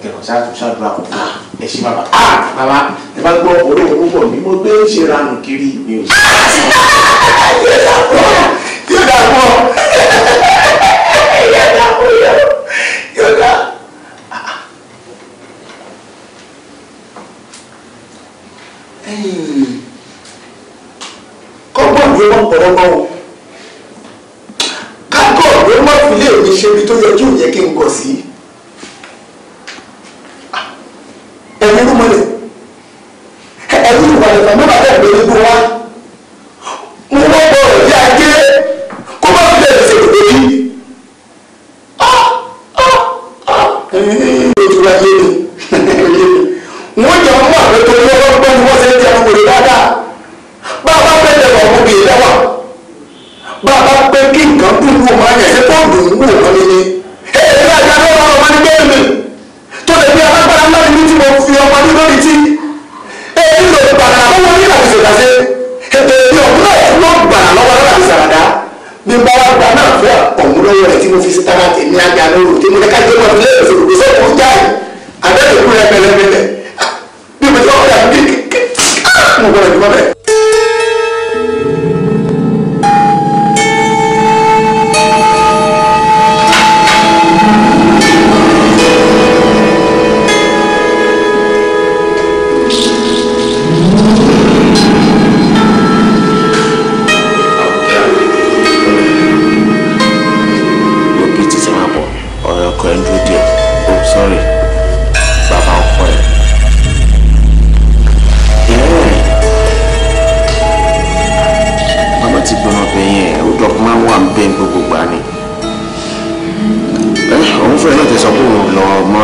kẹ̀kọ́ ṣáàtú ṣáàdúrà kò ah. ẹ ṣí bàbá. Ah, bàbá ẹ bá gbọ́ orí òun ní mo gbé ṣe ranù kiri mi ò yóò dà pọ̀ yóò dà pọ̀ yóò dà pọ̀ yóò dà. ẹyìn mọ́ ọ̀rọ̀ mọ́ o kágọ̀ ló má fi lè mi ṣe ibi tó yẹ kí òun yẹ kí n gọ̀ sí ẹ̀yin ló mọ̀lẹ̀ ẹ̀yin ìwà ìfàmọ́lá bẹ́ẹ̀ lórí gbọ́ wá mo wá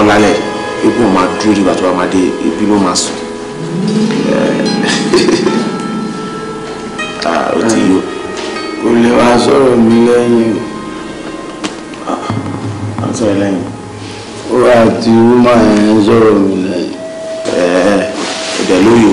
dáná lálẹ́ epo máa dúró dìgbà tó bá máa dé ibi ló máa sùn <laughs> ah, ó ti o kò lè wá sọ̀rọ̀ mi lẹ́yìn ó ah, sọ̀rọ̀ lẹ́yìn o àti rúmà yẹn sọ̀rọ̀ mi lẹ́yìn. ẹ̀ẹ́dẹ̀ ló yọ.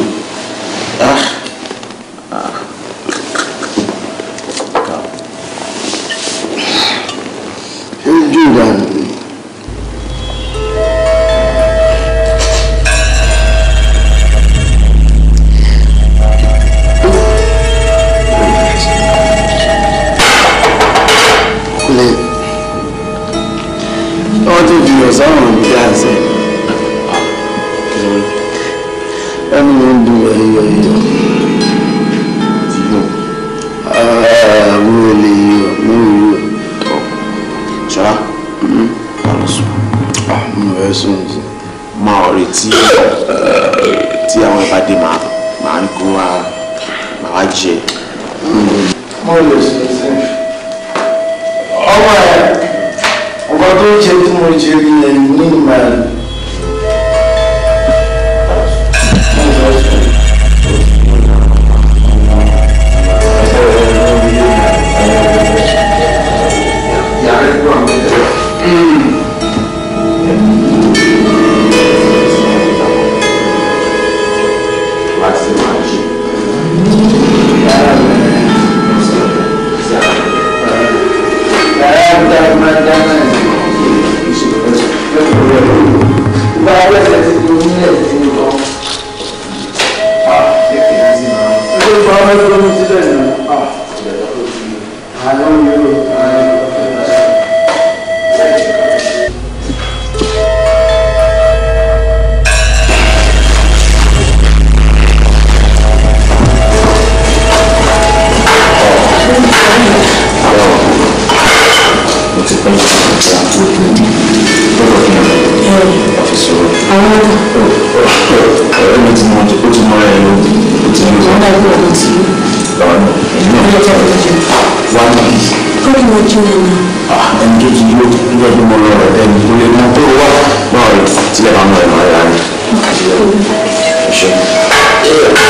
嗯，是。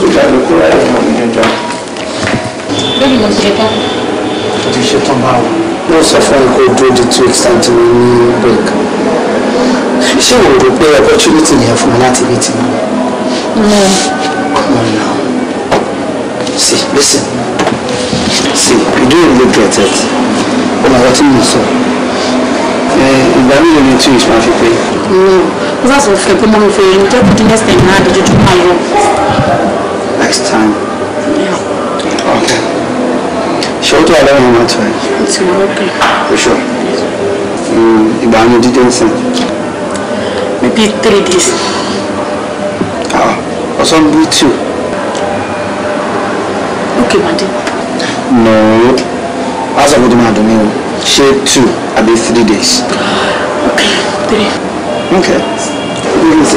tó dà ló kó ráyè fún ọmọ ìjọba. lórí mo ti ṣe tán. o ti ṣe tán báwo. mo sọ fún ẹ kó o dúró di two weeks time tí mo ní break. ṣé o rò pé opportunity yẹn fún mi láti bí tìǹbù. no. come on now. see listen see you don't look at it. ọmọ àwọn tí mo sọ ìgbà mélòó ni two weeks máa fi pé. mo sá sọ fún ẹ pé mo fẹ́ ẹni tó kù dín lẹ́sẹ̀ náà lójoojúmọ́ àyẹ̀wò next time. Yeah. Okay. Show to tó àlọ́ yẹn máa It's my open. For sure. Mm, ìgbà ni dídé ń then Maybe three days. Ah. Ọ̀sán bí two. Okay, Madi. No. As I tó máa dùn mí two. Ṣé two three days? Okay, three. Okay. Three days.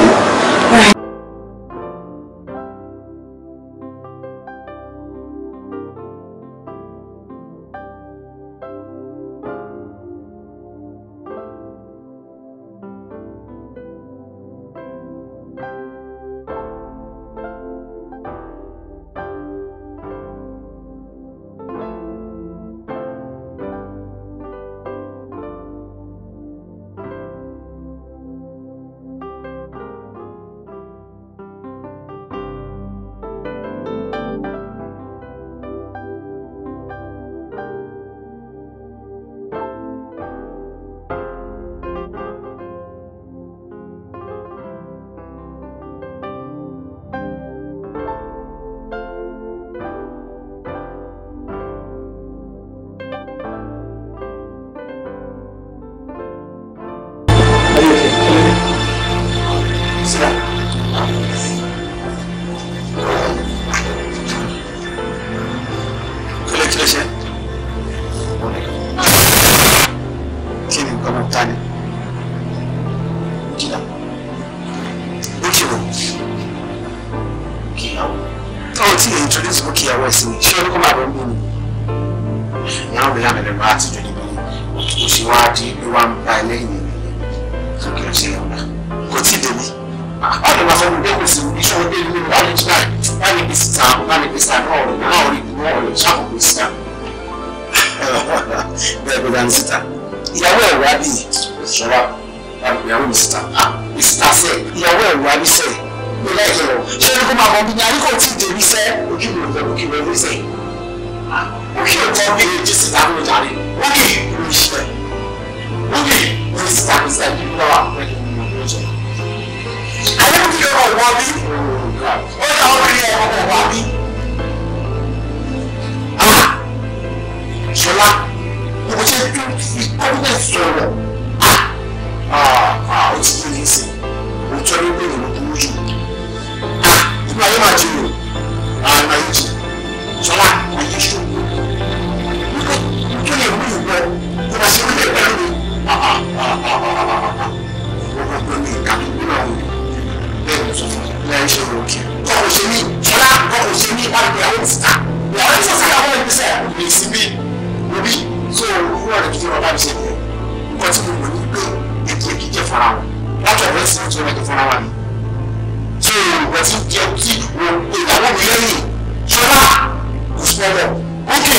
bẹ́ẹ̀ gbọ́dọ̀ ní síta ìyàwó ẹ̀rọ abì ìṣọ́ra àbùkù ìyàwó mi síta ìsíta sẹ́ ìyàwó ẹ̀rọ abì sẹ́ mi lẹ́yìn rẹ̀ ṣé ní kó máa bọ̀ bí ní àríkò tí dèrí sẹ́ ojú mi ò fẹ́ kí wọ́n rí sẹ́ ah, ó kí òótọ́ bí èjì síta ló darí ó kì í kú iṣẹ́ ó kì í kú síta ní sẹ́ ní lọ́wọ́ àpẹẹrẹ ìmọ̀ Ayé kí ló wọ́n bí? Ó yà mo ṣe tó fi gómìnà sọ̀rọ̀ ó ti yé yín sí òótọ́ ló gbé ìlú burú jù ìgbà yẹn máa jẹun àná ìjì sọlá ayé ṣòwò tó lè mú ìwọ kó bá ṣe wílé pẹ̀lú mi ìwọ gbogbo mi kàdúgbò náà wò bẹ́ẹ̀ ló sọ fún mi ní àìṣe ìwọ òkè kọ́kọ́ ṣe mí sọlá kọ́kọ́ ṣe mí wà ní àwọn òṣìṣà wọ́n ti sọ̀rọ̀ àwọn ìgbésẹ̀ òbí síbí òbí so irú ọ̀rẹ́ kìí wọn ṣe nìyẹn nǹkan tí mo mọ̀ ní pé ètò èkì fara wọn láti ọ̀rẹ́ sí ètò ẹ̀jẹ̀ fara wọn ni so nǹkan tí jẹ́ kí wọn ìyàwó mi lẹ́yìn ṣọlá kò sí ọ̀rọ̀ ókè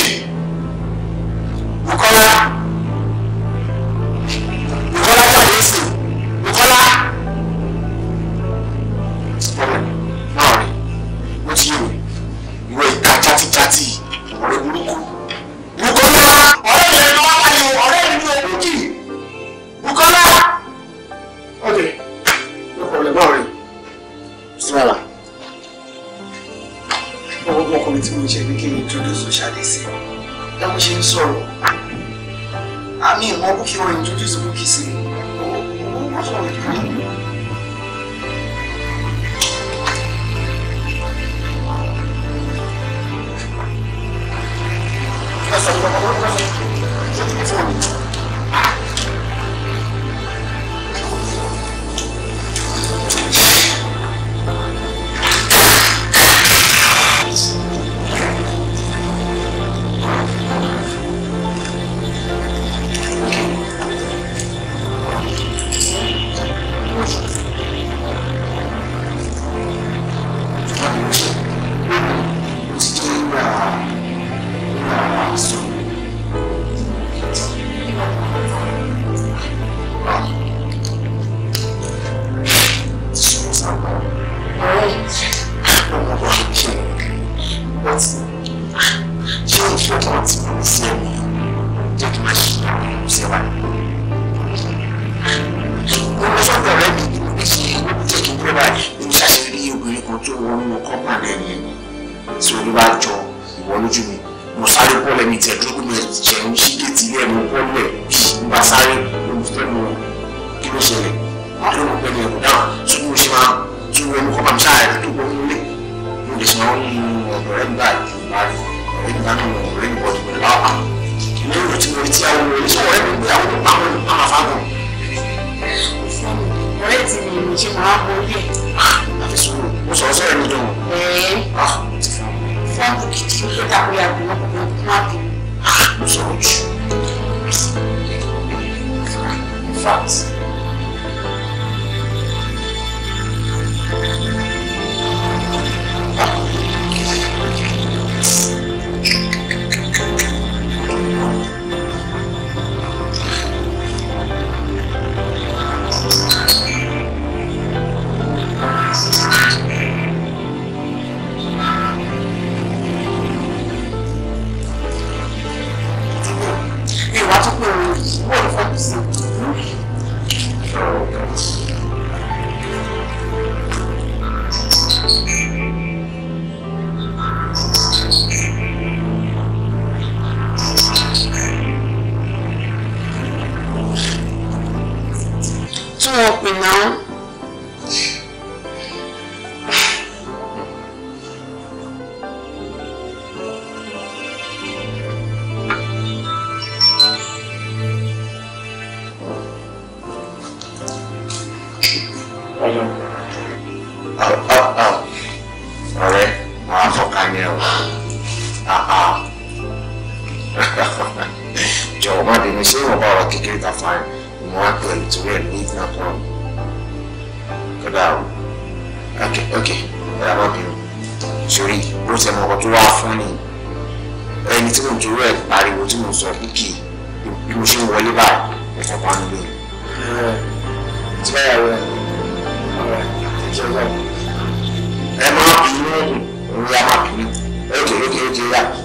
bùkọ́lá.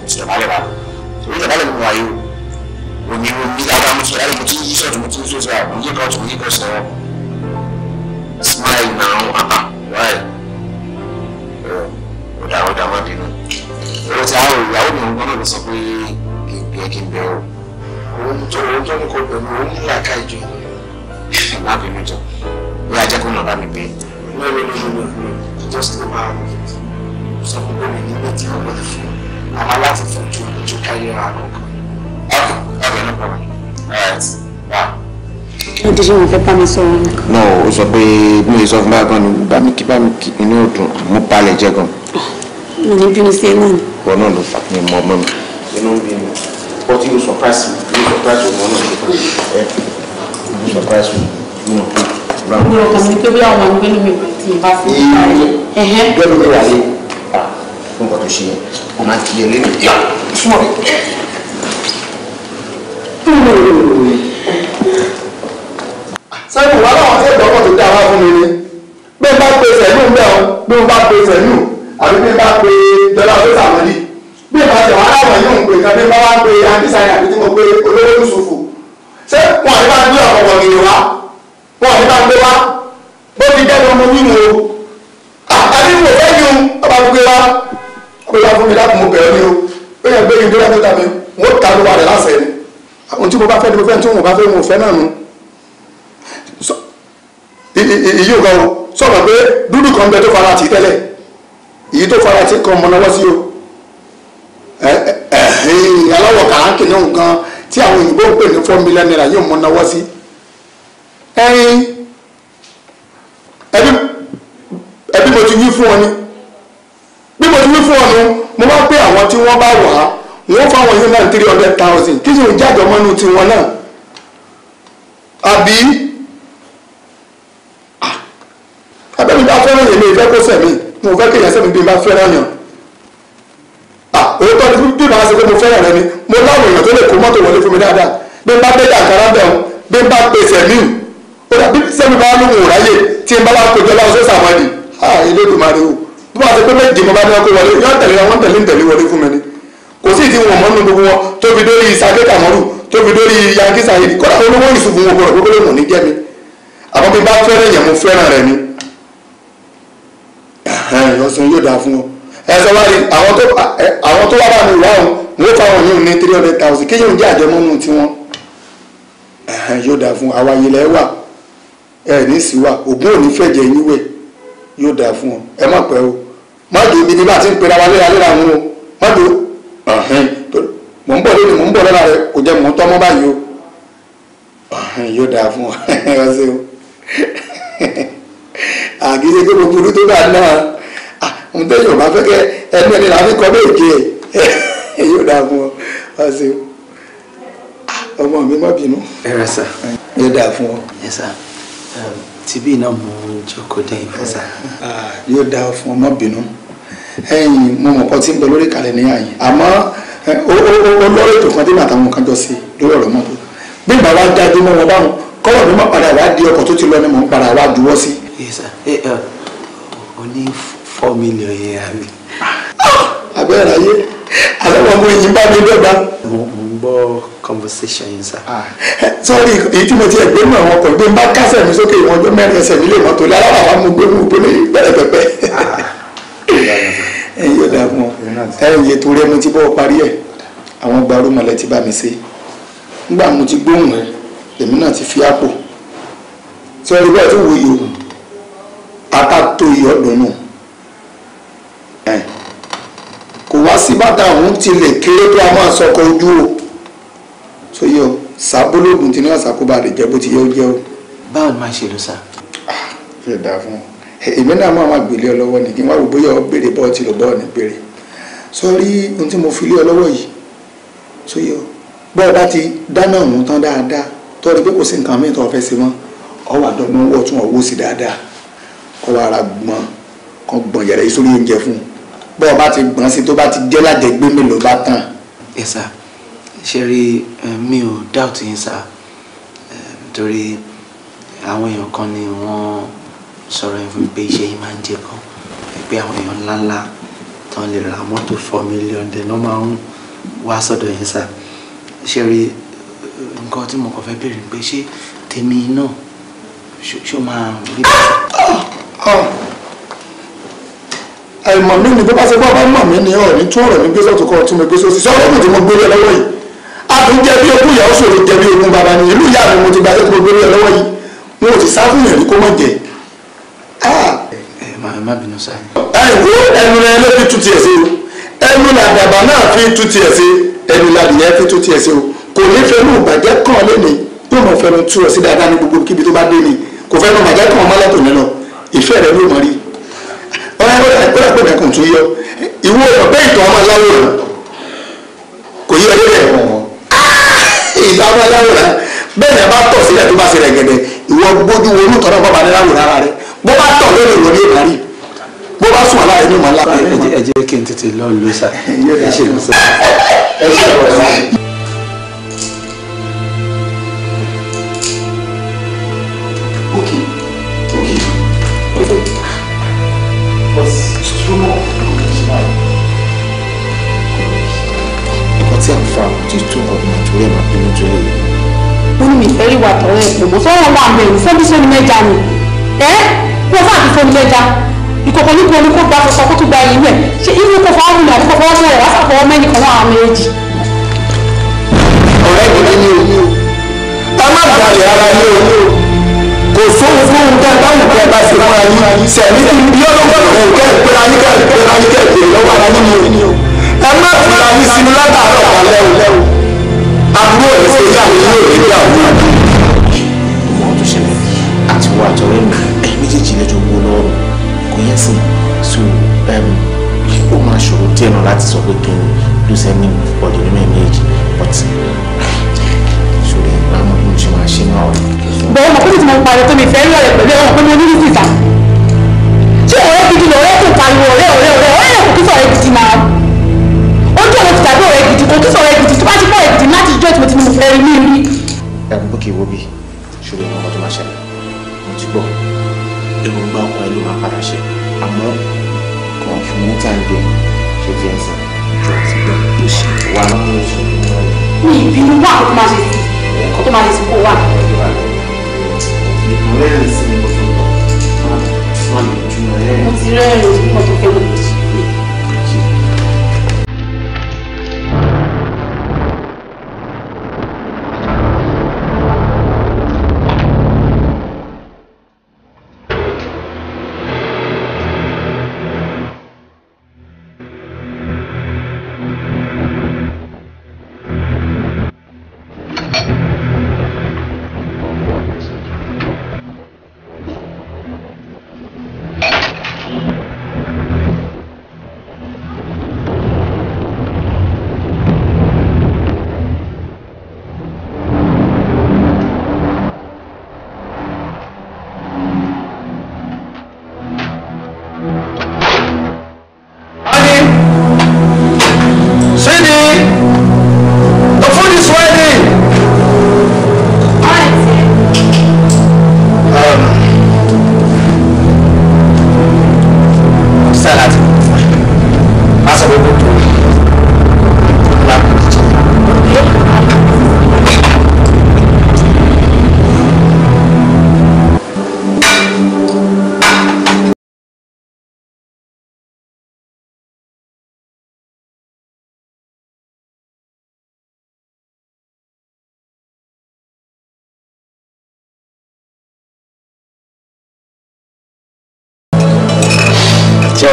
Mr. Baleba Mr. Baleba mo wà yìí o òní o ní ara mo ti ara mo ti yí sọ̀tún mo ti yí sọ̀tún smile now ah why ọ̀dà ọ̀dà má bínú ẹ̀rọ ti àwọn ìyàwó mi ọ̀gbọ́n náà ló sọ pé kí n bẹ kí n bẹ o òun tó òun tó ní kò bẹ̀rù òun ní àká ìjọ yìí má bínú jọ bí ajẹ́ kó náà bá mi just go out sọ fún gómìnà nígbà tí wọ́n wọlé fún un. I'm allowed to, to, to carry your hand. Okay, okay, no problem. Alright, bye. ẹ ti ṣe wọn fẹ́ bá mi sọ̀rọ̀ ni. no o sọ pé mi ò sọ fún báyìí gan ni bá mi kí bá mi kí inú ò dùn mo palẹ̀ jẹ́ gan. mi ní bínú sí ẹ náà ni. ìwọ but you surprise me you surprise me ọmọ náà ẹ you surprise me you know. mi ò kàn sí pé bí àwọn ọmọ mi gbẹ́nu mi ti bá fi ń parí. gbẹ́nu mi wà nǹkan tó ṣe yẹn máa ń kiri ẹ súnmọ́ mi. sẹ́yìn wà láwọn tí ìgbọ́kọ̀ tó dára fún mi ni bí n bá pe sẹ́yìn ń bẹ̀ bí n bá pe sẹ́yìn àbí bí n bá pe dọ́là tó sàmọ́lì bí n bá tẹ̀ wọ́n aláwọ̀ yóò ń kan bí n bá wá pe àbísàyìn àbí tí mo pe olówó lùsùfù ṣé wọn àti bá ń gbé ọ̀pọ̀pọ̀ gèrè wá wọn àti bá ń gbé wá bó ti jẹ́ ọmọ mímu o àbí mo fẹ́ yun ọba gbé wá pé yá fún mi láti mo bẹ̀rẹ̀ ni o pé yẹn gbé ìdúró ẹ̀kọ́ tàbí wọ́n ta ló wà rẹ̀ lásẹ̀ ni àwọn tí mo bá fẹ́ ni mo fẹ́ tí mo bá fẹ́ mo fẹ́ náà nu ìyí ò gan o sọ̀rọ̀ pé dúdú kan bẹ tó fara tì tẹ́lẹ̀ èyí tó fara tì kan mọ̀nà wọ́ sí o aláwọ̀ kàákì náà gan tí àwọn òyìnbó ń pè ní four million naira yóò mọ̀nà wọ́ sí ẹbí mo ti wí fún ọ ni fún ọ̀nù mo bá pé àwọn tí wọ́n bá wà á wọ́n fáwọn yìí náà three hundred thousand kí sì ń jájọ mọ́nú tiwọn náà àbí abẹ́mi bá fẹ́ràn yẹn mi ìfẹ́ kó sẹ̀mí mo fẹ́ kéèyàn sẹ́mi bí n bá fẹ́ràn yàn òótọ́ ni bí màá ṣe pé mo fẹ́ràn rẹ ni mo láwọn èèyàn tó lè kó mọ́tò wọlé fún mi dáadáa bí n bá bẹ́ẹ̀ dàgbára bẹ́ẹ̀ o bí n bá pèsè mí o ó dàbí sẹ́mi bá lóhùn òráyè tí n bá wà pèjọ́ láwọn sọ́sà wọn ni ha Elédùmarè o tó bá ti pé méjì kan bá ní ọkọ wọlé yọ tẹ̀lé wọn tẹ̀lé tẹ̀lé wọlé fún mi ni kò sí ìdí wọn mọ́nú gbogbo wọn tó fi dórí sàké kàmọ́rù tó fi dórí yankí sàyè kọ́dà olówó ìṣubú wọn gbọdọ̀ gbogbo lóhùn ní jẹ́ mi àmọ́ bí bá fẹ́rẹ̀ yẹn mo fẹ́ràn rẹ̀ ni ọ̀sán yóò dáa fún wọn ẹ wá rí àwọn tó wá bá mi wá òun mo fáwọn yìí ní three hundred thousand kéèyàn jẹ́ àjẹmọ́nù tiwọn yóò dáa fún àwa ilẹ̀ wà ẹ̀ ẹ má pẹ́ o mọ́jò ibi nígbà tí ń pera wa léra léra wọn o mọ́jò mò ń bọ̀ lónìí mò ń bọ̀ lọ́la rẹ kò jẹ́ mò ń tọ́ mọ́ báyìí o yóò dáa fún ọ ọ <laughs> ṣe o àgídé pé mo burú tó bá náà ohun tẹ́lẹ̀ ò bá fẹ́ kẹ́ ẹnu ẹni làá fi kọ́ bẹ́ẹ̀ ké ẹ yóò dáa fún ọ ọ ṣe o ọmọ mi má bínú. ẹ rẹ sà. yóò dáa fún ọ ti bí iná mo jókòó dé ìfọ́sà. Ah, yóò dá fún ọmọ bínú ẹ̀yin mo mọ̀ kọ́ tí ń bẹ lórí kalẹ̀ ní o àmọ́ olórí ètò kan tí màtà wọn kan jọ sí lórí ọ̀rọ̀ mọ́tò bí bàbá dájú mọ́ wọn báwọn kọ́lọ̀ mi má padà wá di ọkọ̀ tó ti lọ ni mò ń padà wá dúró sí. o ní four million yẹn àbí. Ah, abẹ́rẹ́ ayé àlọ́ ọmọ yìí bá mi dọ́gba. mo gbọ́ conversation yìí sá. sọ́ọ́rì èyí tí mo ti ẹ̀gbẹ́ náà wọn kò gbé bá kásẹ̀ mi sókè ìwọ̀n ọjọ́ mẹ́rin ẹsẹ̀ mi lè mọ́tò lára àwọn mo gbé mi gbé mi bẹ̀rẹ̀ pẹ̀pẹ́. ẹ yóò dáa fún ọ ẹ yẹ torí ẹ mo ti bọ́ ọ parí ẹ àwọn gbarú mọ̀lẹ́ ti bá mi ṣe nígbà mo ti gbóhùn rẹ èmi náà ti fi àpò sọ́ọ́rì bẹ́ẹ̀ tó wòye o ata tó ìyọ́dún náà kò wá sí bàtà òun tilẹ̀ kéré tó a máa sọkọ ojú o so o sábólógún tí ní ọ̀sà kó bá lè jẹ́ bó ti yẹ ó jẹ́ o. báwo o máa ṣe lò sá. ṣe ah, dà fún èmi náà máa máa gbélé ọ lọ́wọ́ ni kí n wá wò bóyá ọ béèrè bọ́ọ̀ tí lò bọ́ọ̀ ní béèrè sórí ohun tí mo fi lé ọ lọ́wọ́ yìí sóyè o bọ́ọ̀ bá ti dáná òun tán dáadáa tó rí pé kò sí nǹkan míì tó fẹ́ ṣe mọ́ ọ wà dọ́gbọ́n wọ̀ tún ọ̀wọ́ sí dáadáa kọ́ wa ara gbọ́n kan gbọ̀n yẹ̀rẹ̀ sórí oúnjẹ fún un bọ́ọ̀ bá ti gbọ́n sí tó bá ti jẹ́ lájẹgbé mélòó bá tán. ẹ sáà ṣe rí mi ò doubt yín sá torí àwọn èèyàn kan ni wọ́n sọ̀rọ̀ yẹn fún mi pé iṣẹ́ yìí máa ń jẹ kan pé àwọn èèyàn ńláńlá tó ń lè ra mọ́tò four million dẹ̀ ló máa ń wá sọ́dọ̀ yẹn sá ṣe rí nǹkan tí mo kàn fẹ́ béèrè pé ṣé tèmi náà ṣó máa rí bẹ́ẹ̀ ah, ah. àìmọ̀ mí ni bó bá ṣe bá bá mọ̀ mí ni ọ̀ ní tún ọ̀rọ̀ mi gbé sọ́tún kan tí mo gbé sósì sọ́rọ́ mi tí mo gbé lé lọ́wọ́ yìí tún jẹ́ bí ogún ìyàwó sòrò jẹ́ bí ogún bàbá ni ìlú ìyá mi mo ti gba ẹgbẹ́ gbogbo ẹ lọ́wọ́ yìí wọn ò ti sá fún yẹn kó mọ̀ jẹ. ẹ ah! eh, má bínú sá. ẹ wo ẹnu rẹ ló fi tu tiẹ̀ sí o ẹnu làdàbà náà fi tu tiẹ̀ sí ẹnu làdìyẹ fi tu tiẹ̀ sí o kò ní fẹnu ìbàjẹ́ kàn lẹ́nu yóò mọ̀ fẹnu tú ọ sí dáadáa ní gbogbo kíbi tó bá dé ni kò fẹnu ìbàjẹ́ kàn mọ́ lọ́tò nínú ìfẹ́ rẹ ló mọ̀ rí ọ̀rẹ́ ọ̀rẹ́ ọ̀rẹ́ ọ̀rẹ́ kò tún yọ ìwọ ọ̀pẹ́ ìtàn ọmọ aláwọ̀ kò yí ọdẹ rẹ̀ máa láwòrán bẹ́ẹ̀ ni a bá tọ̀ sílẹ̀ tó bá ṣe gẹ̀dẹ̀ ìwọ gbójú wo olùtọ̀ bàbá ní láwòrán ara rẹ bó bá tọ̀ lórí ìwọ ìlà rí bó bá sùn aláàrẹ ní ìmọ̀ ńlá. ẹ jẹ́ kí n tètè lọ lọ ẹ ṣe é lọ sá. jù mí mo ní mi fẹ́ rí wa tọ̀rọ̀ mọ́ sọ́wọ́ wa mẹ́rin fẹ́mi sóni mẹ́ja ni ẹ́ kó fà ti fẹ́mi mẹ́ja ìkòkò ní kò ní kó gba kòkò kó tó gba yìí mẹ́ ṣé irú kò fọwọ́ mi àti kò fọwọ́ mẹ́rin wá sàfọwọ́ mẹ́rin kan náà àmì ọ̀rẹ́ mi ní òní o ká má balẹ̀ ara ní òní kò sóhun fún un báwo kẹ́ bá ṣe fúnra yín sẹ̀mí ti bí ọlọ́gbọ́n òun kẹ́ ìpera yín àbúrò ẹ̀ ṣe ìyá mi yóò rí ìyàwó náà. ìwọ tó ṣẹlẹ̀ àti wọ àtọ̀rẹ́ mi ẹ̀ méjèèjì lẹ́jọ́ gbó lọ́rùn kò yẹ sí so ó máa ṣòro díẹ̀ náà láti sọ pé kí n lóṣẹ́ ní ọ̀dẹ̀ nínú ẹ̀ méjèèjì but ṣòro ìbámu bí mo ṣe máa ṣe náà rẹ̀. bẹ́ẹ̀ mo kó sì ti mọ pariwo tó mi fẹ́ rí ọ̀rẹ́ pẹ̀lú ọ̀rọ̀ pé mo ní ní sísà ṣé ọ̀rẹ́ gidi lọ̀rẹ́ tó pariwo ọ̀rẹ́ ọ̀rẹ́ ọ̀rẹ́ ọ̀rẹ́ kò kí sọ̀rẹ́ gidi máa ojú ọ̀rẹ́ ti tàbí ọ̀rẹ́ gidi kò kí sọ̀rẹ́ tí mo ti mú fẹ́ rí mi rí. ẹ̀rù bókè wo bí ṣòro ọkọ̀ tó máa ṣẹlẹ̀ mo ti gbọ́ èròǹgbà ọkọ̀ ẹ̀ ló máa padà ṣe àmọ́ kàn fún mi tá à ń gbé ṣe ti ẹ̀ sìn àti gbọ́ wà ṣe wà. ìkùnrin rẹ̀ ni mo fi ń bọ̀ wọ́n lè ju ti rẹ́rìn-ín mo tó fẹ́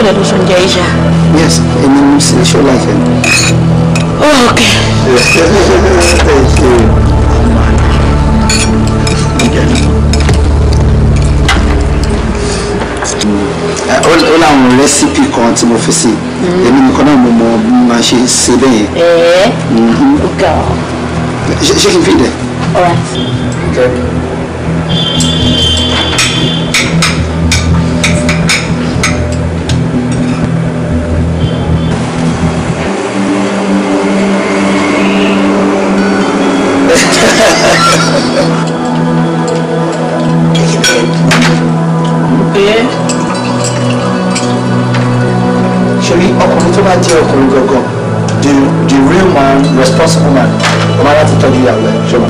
Ṣọ́lá ló sọ oúnjẹ Aisha. Yes, èmi ni mo sì ní Oh, okay. Thank you. ó láwọn rẹ́sípì kan tí mo fi sí èmi nìkan náà mo mọ bí mo máa ṣe ṣe bẹ́ẹ̀. ó ga ọ. ṣé kí n fi dẹ̀. all right. Okay. pé ṣorí ọkùnrin tó bá jẹ́ ọkùnrin gangan the the real man responsible man ọmọ aláti tọ́jú ìyàwó ẹ̀ ṣọlá.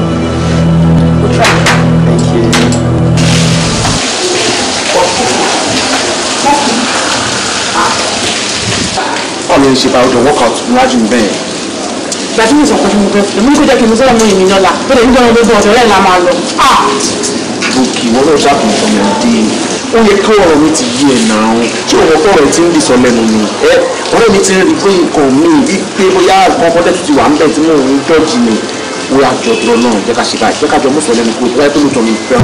ọ̀nà ìṣèpàdé workout lájú bẹ́ẹ̀ gbàtí mi sọ̀kọ̀ fún mi gan èmi kò jẹ́ kí n sọ̀rọ̀ mọ́ èmi lọ́la ó lè ń gbọ́n gbogbo ọ̀dọ̀ rẹ̀ la máa lọ. Ah! bókì wọn náà ṣàkóso ọmọ ọdẹ ó yẹ kí ọ̀rọ̀ mi ti yí ẹ náà tí òun kọ ọ̀rọ̀ ti ń dìsọ lẹ́nu mi ẹ ọ̀rọ̀ mi ti ń rí pé nǹkan mi wípé bóyá nǹkan kọtẹ tuntun wà ń bẹ tí mò ń dọjì mi ó yà jọ dúró náà jẹ́ ká ṣe báyìí jẹ́ ká jọ mọfọ lẹ́nu kúrò wáyé tó ló jọ mi fẹ́ ọ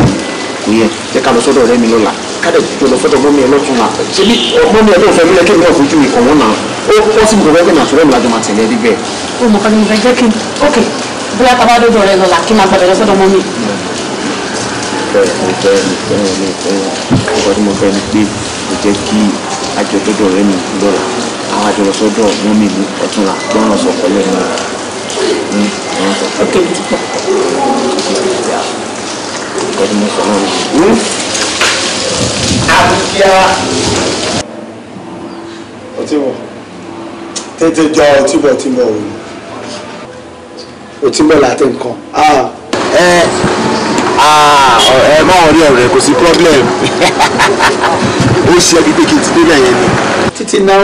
kò yẹ jẹ́ ká lọ sọ́dọ̀ ọ̀rẹ́ mi lọ́la ká dẹ jọ lọ fọ́dọ̀ mọmi ẹ lọtún wa ṣé bí mọmi ẹ lọ fẹ́ mi lẹkẹ mi náà fojú mi kàn wọn náà ó fọ́ sí ìgbọ̀gbẹ́ pé nàìjíríà mi lájọ máa tẹ̀lé ẹbí bẹ́ẹ̀. o mọ̀ kan ní mo fẹ́ jẹ́ kí n ok bóyá tá a bá dọ́dọ̀ rẹ lọ́la kí n máa gbàgbẹ́ lọ sọ́dọ̀ mọ́ mi. ọkọ tí mo fẹ́ ni pé kò jẹ́ kí àjọ dọ́dọ̀ rẹ mi lọ́la àwọn àjọ lọ sọ́dọ̀ mọ́ mi ní ọ̀túnla gbọ́n ọ̀sọ̀ pẹ̀lú ẹ̀ ok ọkọ tí mo sọ náà àbíkíá ọtí wọ̀ tètè jọ tìbọ̀tìbọ̀ òun òtìmọ̀ láti nǹkan. ẹ ẹ má wọlé ọ̀rẹ́ kò sí problem <laughs> ó ṣe ẹbí pé kí n ti délẹ̀ yẹn ni. títí náà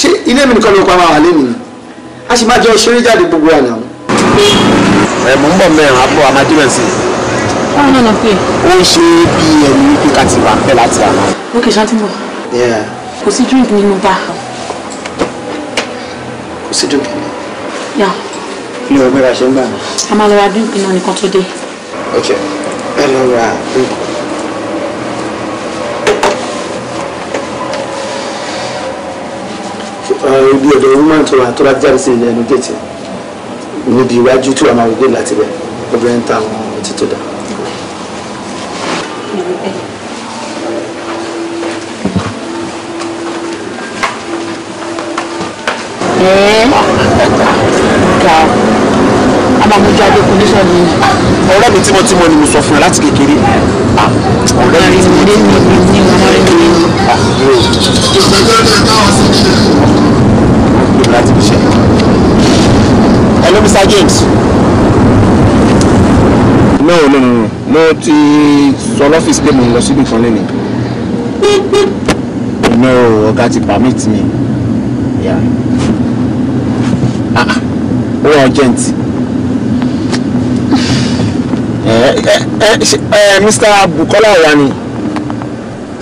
ṣé ilé mi nìkan ló pa máa wà lẹ́nu ni a sì máa jọ ṣeré jáde gbogbo àná. ẹ mò ń bọ̀ mẹ́rin àbọ̀ amájúmẹ̀sì. báwo náà lọ pé. ó ń ṣe bí ẹni wípé ká ti wà pẹ́ láti àná. ó kè ṣáà ti bọ̀. kò sí drink nínú bá kò sí dùn kìíní. yà. ní o gbéra ṣe ń gbà mí. a máa lọ ra drink náà nìkan tó dé. ok ẹ lọ ra drink. ibi ọ̀dọ̀ woman tó ra tó ra jáde sí ilẹ̀ ẹnu gẹ̀ẹ́tì níbi iwájú tí wàá máa wọlé láti bẹ̀ obìnrin ta àwọn ọtí tó dá. ga amamuja adekunle sọ ni. ọ̀rẹ́ mi tímọ́tímọ́ ni mo sọ fún ẹ láti kékeré. Ah, ọ̀rẹ́ mi tímọ́tímọ́ ah, ni mo sọ fún ẹ láti kékeré. hello Mr. James. no no no mo ti sọ lọ́fíìsì pé mo ń lọ síbi kan lẹ́nu. <laughs> no ọ̀gá ti permit mi. Yeah. Ah, ó urgent. Eh, eh, eh, Mr. Bukola ọ̀la ni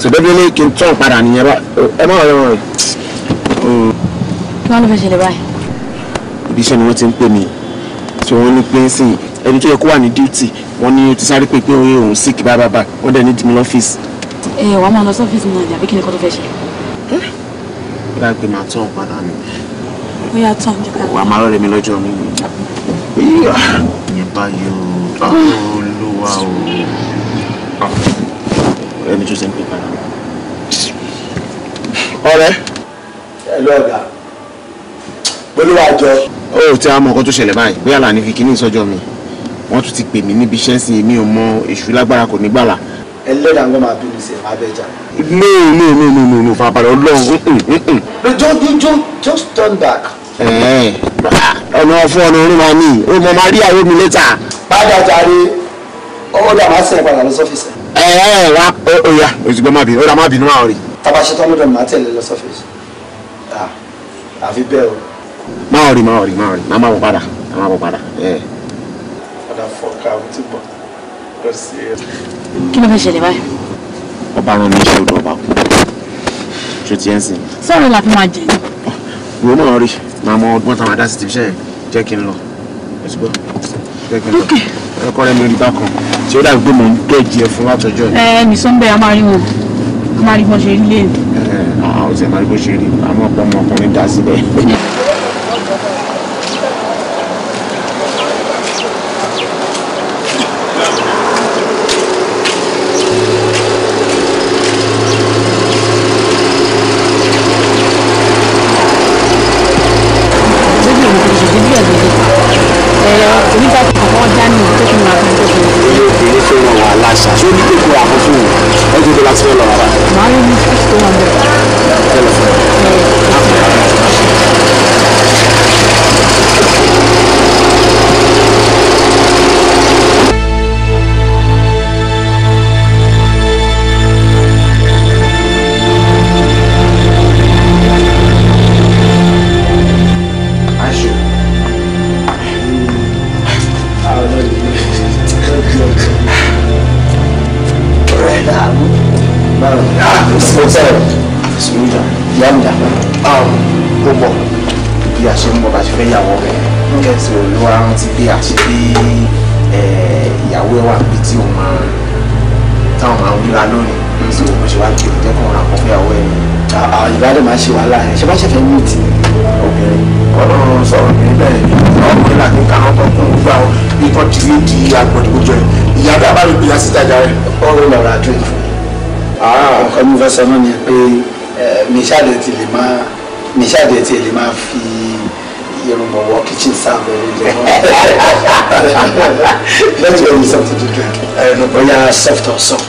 sọdọ́dúnlé kí n tún padà nìyẹn bá ẹ má ọ̀rẹ́ wọn rẹ̀. kí wọ́n ló fẹ́ ṣẹlẹ̀ báyìí. ibi iṣẹ́ ni wọ́n ti ń pè mí tí wọ́n ní pé sí ẹni tó yẹ kó wà ní duty wọ́n ní o ti sáré pé pé òun òun sick bábàbà wọ́n dẹ̀ ní dìmí lọ́fíìsì. ẹ wàá máa lọ sọ́fíìsì náà àbí kí ni kó tó fẹ́ ṣe. Hm? ó dà pé màá tún ọ̀ padà nìyẹn ó yà tán jẹ́ ká. wà á máa rọ̀rẹ́ mi lọ́jọ́ mi yẹn báyìí o olúwa o ah, ẹni tó ṣe ń pè padà. ọ̀rẹ́ ẹ lọ ọgá ti á mọ nǹkan tó ṣẹlẹ̀ báyìí bóyá là ní fi mi wọ́n tún ti pè mí níbi iṣẹ́ sí mi ò mọ èṣù lágbára kò ní gbàlà ẹlẹ́dàá ńgọ́ máa bínú sí ẹ̀ máa bẹ́ẹ̀ jà. no no no no no no fàbàrà ọlọ́run. Mm, mm, mm, just just just turn back. ọ̀nà fún ọ̀nà orin máa ní o mọ̀ máa rí àwọn omi lẹ́tà. padà jàre ọwọ́ dà máa sẹ́yìn padà lọ sọ́fíìsì. ẹ ẹ wá ó yá òṣùgbọ́n má bínú ó dà má bínú àwọn rè. tàbá ṣe tán lọ́dọ̀ máa tẹ̀lé lọ sọ́fíìsì. àfi bẹ́ẹ̀ o. máa rí máa rí máa rí máa máa bọ̀ padà máa máa bọ̀ padà. padà fọ̀ọ́ká àwọn tí bọ̀ lọ sí ẹ kí ló fẹ́ ṣẹlẹ̀ báyìí. ọba rán mi ṣe odò ọba kú ṣe ti ẹ́ ń sìn. sọ̀rọ̀ la fi máa jẹ. wo náà rí màá mọ ọdún táwọn adásí ti fi ṣe jẹ́ kí n lọ ẹ ti gbọ́ jẹ́ kí n lọ ẹ̀kọ́ rẹ̀ mi rí bákan tí ó dàbí pé mò ń gẹ̀ẹ́jì ẹ̀ fún látọjọ́ yìí. ẹ mi sọ ń bẹ a máa rí wọn a máa rí bọ́n ṣe rí lẹ́yìn. ẹ ẹ àwọn ọ̀sẹ̀ máa rí bó ṣe rí àwọn ọ̀pọ̀ ọmọkùnrin dá síbẹ̀. ńlá lónìí so mo ṣe wá pé ìjẹ́ kan ra kọfí àwọ̀ ẹ̀ àwọn ìbádọ́ máa ṣe wàhálà rẹ̀ ṣe bá ṣẹ̀fẹ̀ ní ìtì obìnrin ọlọ́run sọ̀rọ̀ ní bẹ́ẹ̀ ni ọkùnrin náà ní kàrọ́ tó kún gbà ó bí tó ti rí di agbọ̀dì gbogbo ẹ̀ ìyá bí abá mi pè ya síta jà rẹ̀. ọ̀rọ̀ lọ́rọ̀ àjọ ìfún ọkọ mi fẹ́ sọ náà ni pé mìṣáde ti lè máa mìṣáde ti lè máa fi irun bọ̀wọ̀ kitchen sáàbù ẹ̀ lẹ́yìn lẹ́yìn something to drink ọ̀ya soft or soft.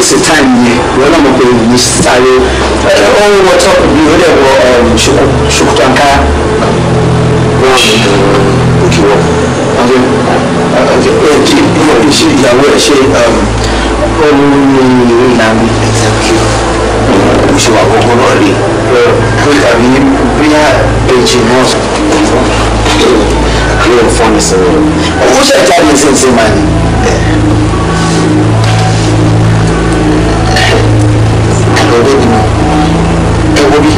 waste time yẹn wọn náà mọ̀ pé èyí sáré ó ń wọ tọ́pù bí ó dẹ̀ wọ ṣòkòtò àǹkárá. wọ́n á lè lọ òkè wọ̀ ṣe ìyàwó ẹ̀ ṣe olórí ìlànà ìtàkì òṣèwà àkọ́kọ́ náà rí àbí bóyá èjì náà yóò fọ́n ní sọ̀rọ̀ ó ṣe jáde sí ìsinmi ọ̀rẹ́ mi ẹ wo bí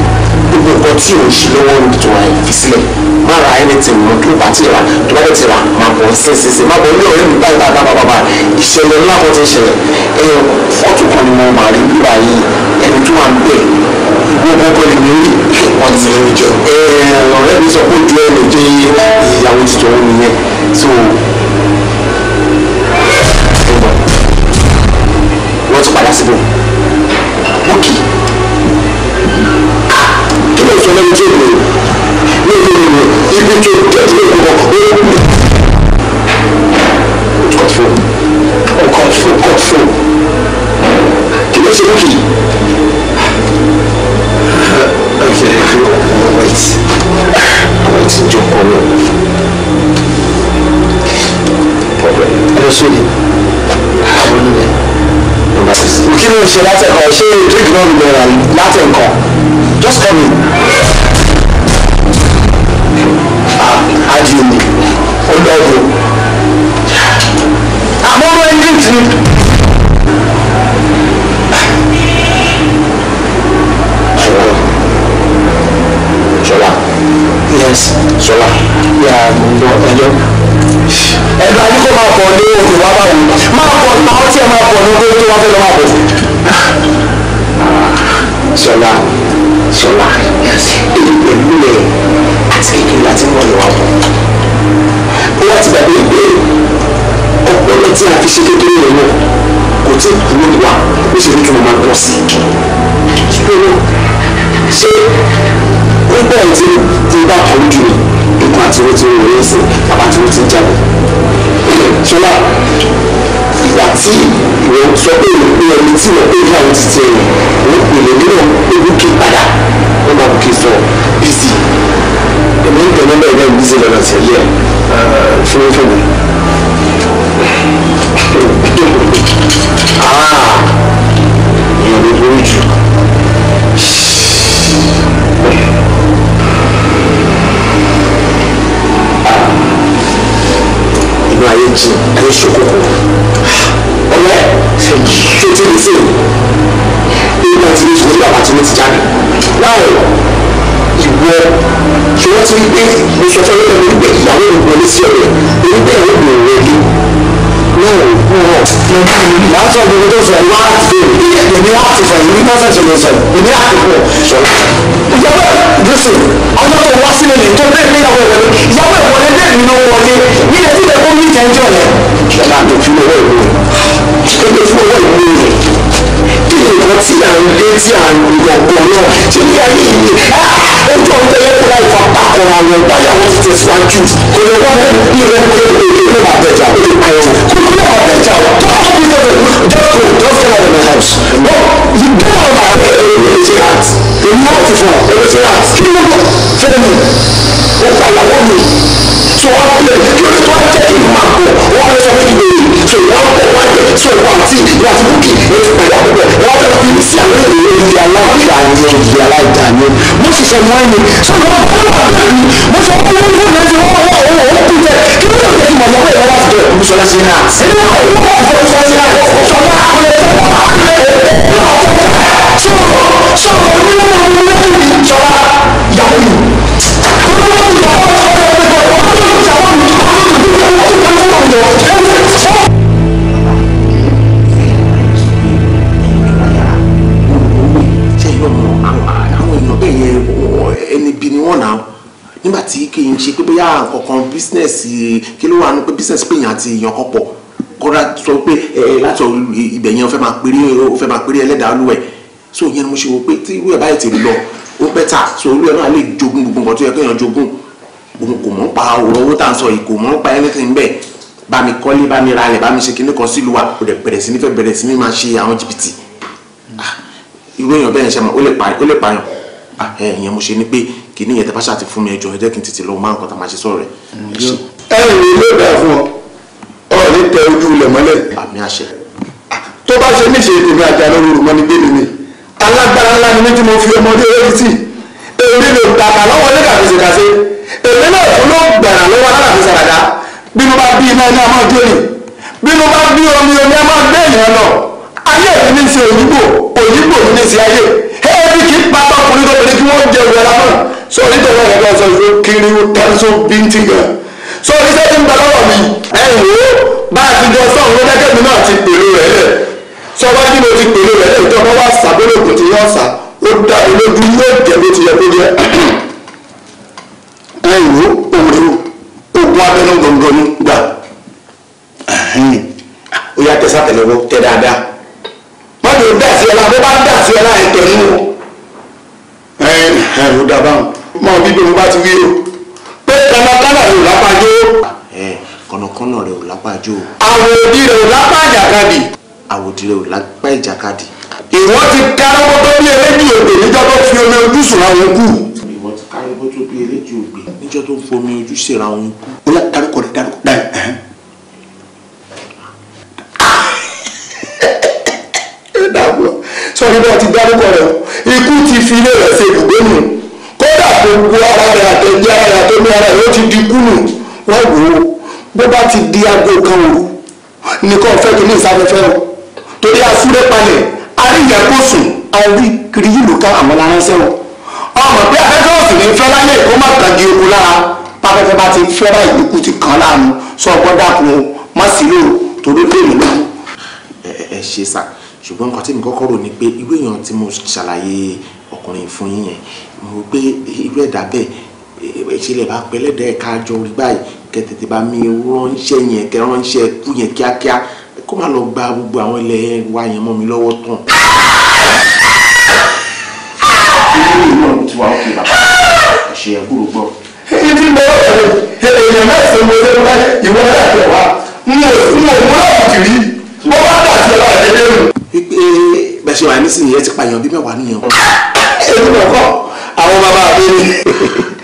gbogbo nǹkan tí ò ṣe lọ́wọ́ ní tó wáyé fi sílẹ̀ má ra anything mọ́ tó bá ti rà tó bá ti rà má bọ̀ ṣẹ́ṣẹ́ṣẹ́ má bọ̀ ní ọ̀rẹ́ mi báyìí báyìí báyìí báyìí ìṣẹ̀lẹ̀ ńlá kan ti ṣẹlẹ̀ ẹ̀yọ fọ́tò kan ni mo máa rí bíbá yìí ẹni tó wà ń bẹ̀ gbogbo kan ni mi rí wọn ti rí jọ ọ̀rẹ́ mi sọ pé ojú ẹ̀ lè jẹ́ ìyàwó títọ́ òun nìyẹn so wọ́n ti padà síbò mú kì í kí ló sọ lẹ́yìn tí ò lè ní ìlú ìlú ibi tó tẹ̀ sí ìlú ọ̀hún ó kù. kọ̀fó kọ̀fó kọ̀fó kí ló sọ mú kì í. Okay, wait. Wait, jump on. Problem. Hello, sweetie. How you? kí ló ń ṣe látẹ̀kọ̀ ṣé drink náà ló bẹ̀rẹ̀ látẹ̀kọ̀ just come in. Adiumi olóògbé àmọ́rọ́ English ni. Ṣọlá. Yes. Ṣọlá. Yeah, mo ń lọ ẹjọ́ ẹ̀dùn ayé kò máa pọ̀ ní òkè wá báwo máa pọ̀ náà ọtí ẹ̀ máa pọ̀ ní ojú tó wá fẹ́ lọ́ máa pọ̀. sọlá sọlá ìgbẹ́lúlẹ̀ àti kékeré láti mọ̀ ní wa pọ̀ ó láti gbàgbé ìgbé ọpọlọ tí a fi ṣe kékeré rẹ̀ náà kò tí ì kúrò wá ó ṣe ní kí wọ́n máa pọ̀ sí i ṣé nígbà tí tí bá kọ̀ọ̀rọ̀ jù mí àti owó tí ó wọlé sí bàbá tí ó ti jáde. ṣọlá ìgbà tí ìwọ sọ pé ìwé ẹni tí wọ́n pé àwọn ti tiẹ̀ ní ìpìlẹ̀ nínú ebúkí padà wọ́n máa bùkí sọ bísí. èmi ń tẹ̀lé bẹ́ẹ̀ bẹ́ẹ̀ bísí lọ́nà tiẹ̀ yẹ fún fún mi. ti lè sọ̀rọ̀ ìní àkókò sọ̀rọ̀. ìyàwó gúúsù ọmọ tó wá sílẹ̀ lè tó bẹ́ẹ̀ níyàwó rẹ̀ lọ ìyàwó ìwọlé bẹ́ẹ̀ ni ó wọlé ní etí rẹ̀ kó ní ìjẹ́jọ́ rẹ̀. ṣọlá tó fi owó ìwé kéde fún owó ìwé rẹ̀ kí ni nǹkan tí à ń dé tí à ń gbọ̀ngbọ̀n náà ṣe ní ayé ìwé ojú ọ̀tẹ̀ yẹ kó láì fapá kọra rẹ̀ báyàwó ti tẹ̀síwájú kò lè wọ́n bí rẹ̀ kó lè lè má bẹ̀jà ó lè pààyàn kó lè má bẹ̀jà ó tó bá bí rẹ̀ just go just go out of my house èmi ó ti fún ọ èmi ti rà kí ló dé fún mi ó pa ìyàwó mi tí wọ́n pè é kí ló tó ń jẹ́ kí n máa kó wọ́n lọ sọ fún mi lórí tí wọ́n pọ̀ wọ́n jẹ́ tí wọ́n wà tí wọ́n ti bùkì èyí pa ìyàwó rẹ̀ wọ́n fẹ́ fi sí àwọn ènìyàn ìdí aláìda ni ìdí aláìda ni mo sì sọ mọ́ ẹni sọ ma kó wà lórí mo sọ pé wọ́n fún mi ti wọ́n wọ́n wọ́n wọ́n kú jẹ kí ló dé kí màmá sọ̀rọ̀ sọ pé ẹ fẹ́ máa péré ẹlẹ́dàá olúwẹ̀ẹ́ ṣe wo pé tí irú ẹ̀ báyìí ti lọ ó bẹ́tà so irú ẹ̀ náà lè jogún gbogbo nǹkan tó yẹ kéèyàn jogún òun kò mọ̀ ń pa òun owó tá à ń sọ yìí kò mọ̀ ń pa anything bẹ́ẹ̀ bá mi kọ́lé bá mi ralẹ̀ bá mi ṣe kinní kan sílùú wa kò dẹ̀ bẹ̀rẹ̀ sí ní fẹ́ bẹ̀rẹ̀ sí ní máa ṣe àwọn jìbìtì irú èèyàn bẹ́ẹ̀ ṣe mọ̀ ó lè pààyàn ẹ̀yìn mo ṣe ni pé kìíní yẹn tẹ bá ṣàti fún mi ẹjọ ẹ jẹ́ kí n tètè lọ máa ń kọta máa ṣe sọ̀rọ̀ rẹ. ẹ̀yìn ilé ìgbà fún ọ ọ ní tẹ ojú ilẹ̀ mọ́lẹ̀. àmì àṣẹ. tó bá ṣe níṣe ètò mi àjà lórí olùmọ́ni gbé mi ni mo fi ọmọdé létí èmi lè tàkà lọ́wọ́ ní kàfésìkàsé èmi náà fún ló gbàrà lọ́wọ́ aláràfíṣàràdá bí mo bá bí iná iná máa jó ni bí mo bá bí omi omi a máa gbé ènìyàn lọ ayé mi ní í ṣe òyìnbó òyìnbó mi ní í ṣe ayé ẹbí kì í pa ọkùnrin lóbìnrin kí wọ́n jẹ ìrora náà sọ nítorí ẹ̀rọ ẹ̀rọ sọ ìfẹ́ kiri tẹ́lifíṣọ bíntì gan sọ oníṣẹ́ ti ń bẹ mi ẹ wò ó bá a ti jọ sọ òun lọ́dẹ́kẹ́ mi náà ti pèlú rẹ̀ lẹ̀ sọ wájú mo ti pèlú rẹ̀ lẹ̀ ìjọba wa sàbẹ̀lẹ̀ òkùnkùn yóò sà ó dá olójú yóò jẹ bó ti yẹ kó jẹ ẹ wò ó wò ó ogun abẹnú gbọngàn ní gbà ó yà tẹsà tẹlẹwọ tẹ dáadáa má lè dá sí ẹ la bó bá dá sí ẹ la ẹ tẹ nínú ẹ ẹ ó dá báwọn má bí gbogbo bá ti wí o pé kànákànnà ló lápájó. kọ̀nàkọ́nà rẹ̀ ò lápájó. àwòdì rẹ̀ ò lápá ìjàkadì. àwòdì rẹ̀ ò lápá ìjàkadì ìwọ ti kárọ́bọ́ tó bí eléjì ògbè níjọ́ tó fi omi ojú sùn àwọn kù. ìwọ ti kárọ́bọ́ tó bí eléjì ògbè níjọ́ tó fi omi ojú sùn àwọn kù. ó yà dárúkọ rẹ dárúkọ dáì. ẹ dàgbọ́ sọ́ni bá ti dárúkọ rẹ ikú ti fi ilé rẹ̀ ṣe ibùgbé nù kódà gbogbo ara rẹ̀ àtẹ̀jẹ́ ara rẹ̀ àtẹ̀mí ara rẹ̀ ó ti di kúlù wọ́n wò ó bó bá ti di aago kan òru nìkan fẹ́ kí ní ìsáfẹ́fẹ́ o torí asúré palẹ̀ àríyànkóṣùn àríkiri yìí ló ká àwọn láránṣẹ́ o ọmọ pé afẹ́fẹ́ òsì ní fẹ́ láyé kó má tàgé eku lára pápẹ́fẹ́ bá ti fẹ́ báyìí ikú ti kàn láàánú sọ ọgbọ́n dàkún o má sí lóru torí pé èmi lóko. ẹ ẹ ṣe sà ṣùgbọ́n nǹkan tí mi kọ́kọ́ rò ni pé irú èèyàn tí mo ṣàlàyé ọkùnrin fún yín yẹn mo rò pé irú ẹ̀dá bẹ́ẹ̀ ìṣẹ̀lẹ̀ bá pẹ́ lẹ́dẹ̀ẹ́ jọ rí báyìí kẹ́tẹ̀tẹ̀ bá mi ránṣẹ́ yẹn kẹ́ ránṣẹ́ kú yẹn kíákíá kó má lọ gba gbogbo àwọn ilẹ̀ wa yẹn mọ́ mi lọ́wọ́ tán. ilé náà ti wá òkè bàbá ṣe ẹ gbọ́. ibi náà èèyàn mẹ́sàn-án mo lé wá ìwọ náà wá n ò n ò mú láwùjọ bá dàtí ọ̀la rẹ̀ lérò. pípé bẹ́ẹ̀ wà nísìnyí ẹ ti pààyàn bí mẹ́wàá nìyẹn. èmi náà kọ́ àwọn bàbá mi.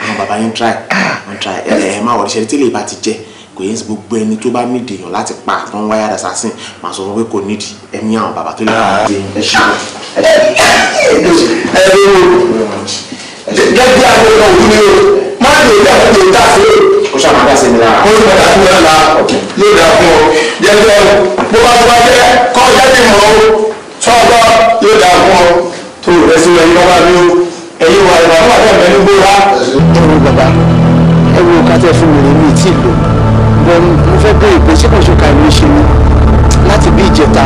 àwọn bàbá yẹn ń try ẹ ẹ má wọlé ṣe tí lè bá ti jẹ kò yẹn sí gbogbo ẹni tó bá mí dèèyàn láti pa àtọ́ ń wáyà assassin màá sọ fún pé kò nídìí ẹ̀mí àwọn bàbá tó lè máa dé ẹ ṣe wọn. ẹ ẹ ẹ gẹ́gẹ́ àwọn ọmọ òbí mi o má lè dá fún mi dá fún mi. ó ṣàmà dá sí mi lára. ó ṣàmà dá sí mi lára yóò dá fún ọ jẹjẹ bó bá tó bá jẹ kọ́ jáde mọ́ o tọ́gbọ́ yóò dá fún ọ tó rẹ̀ sí ẹ̀yin bàbá mi o ẹ̀yin wà ìwà wà lẹ́ẹ̀mẹ́rin gbóra. ẹ wo kátẹ́ fún mi ní mi tí ì lò ṣùgbọ́n mo fẹ́ bẹ̀rẹ̀ pé ṣé kò ṣe kàwé ṣe ni láti bí ìjẹta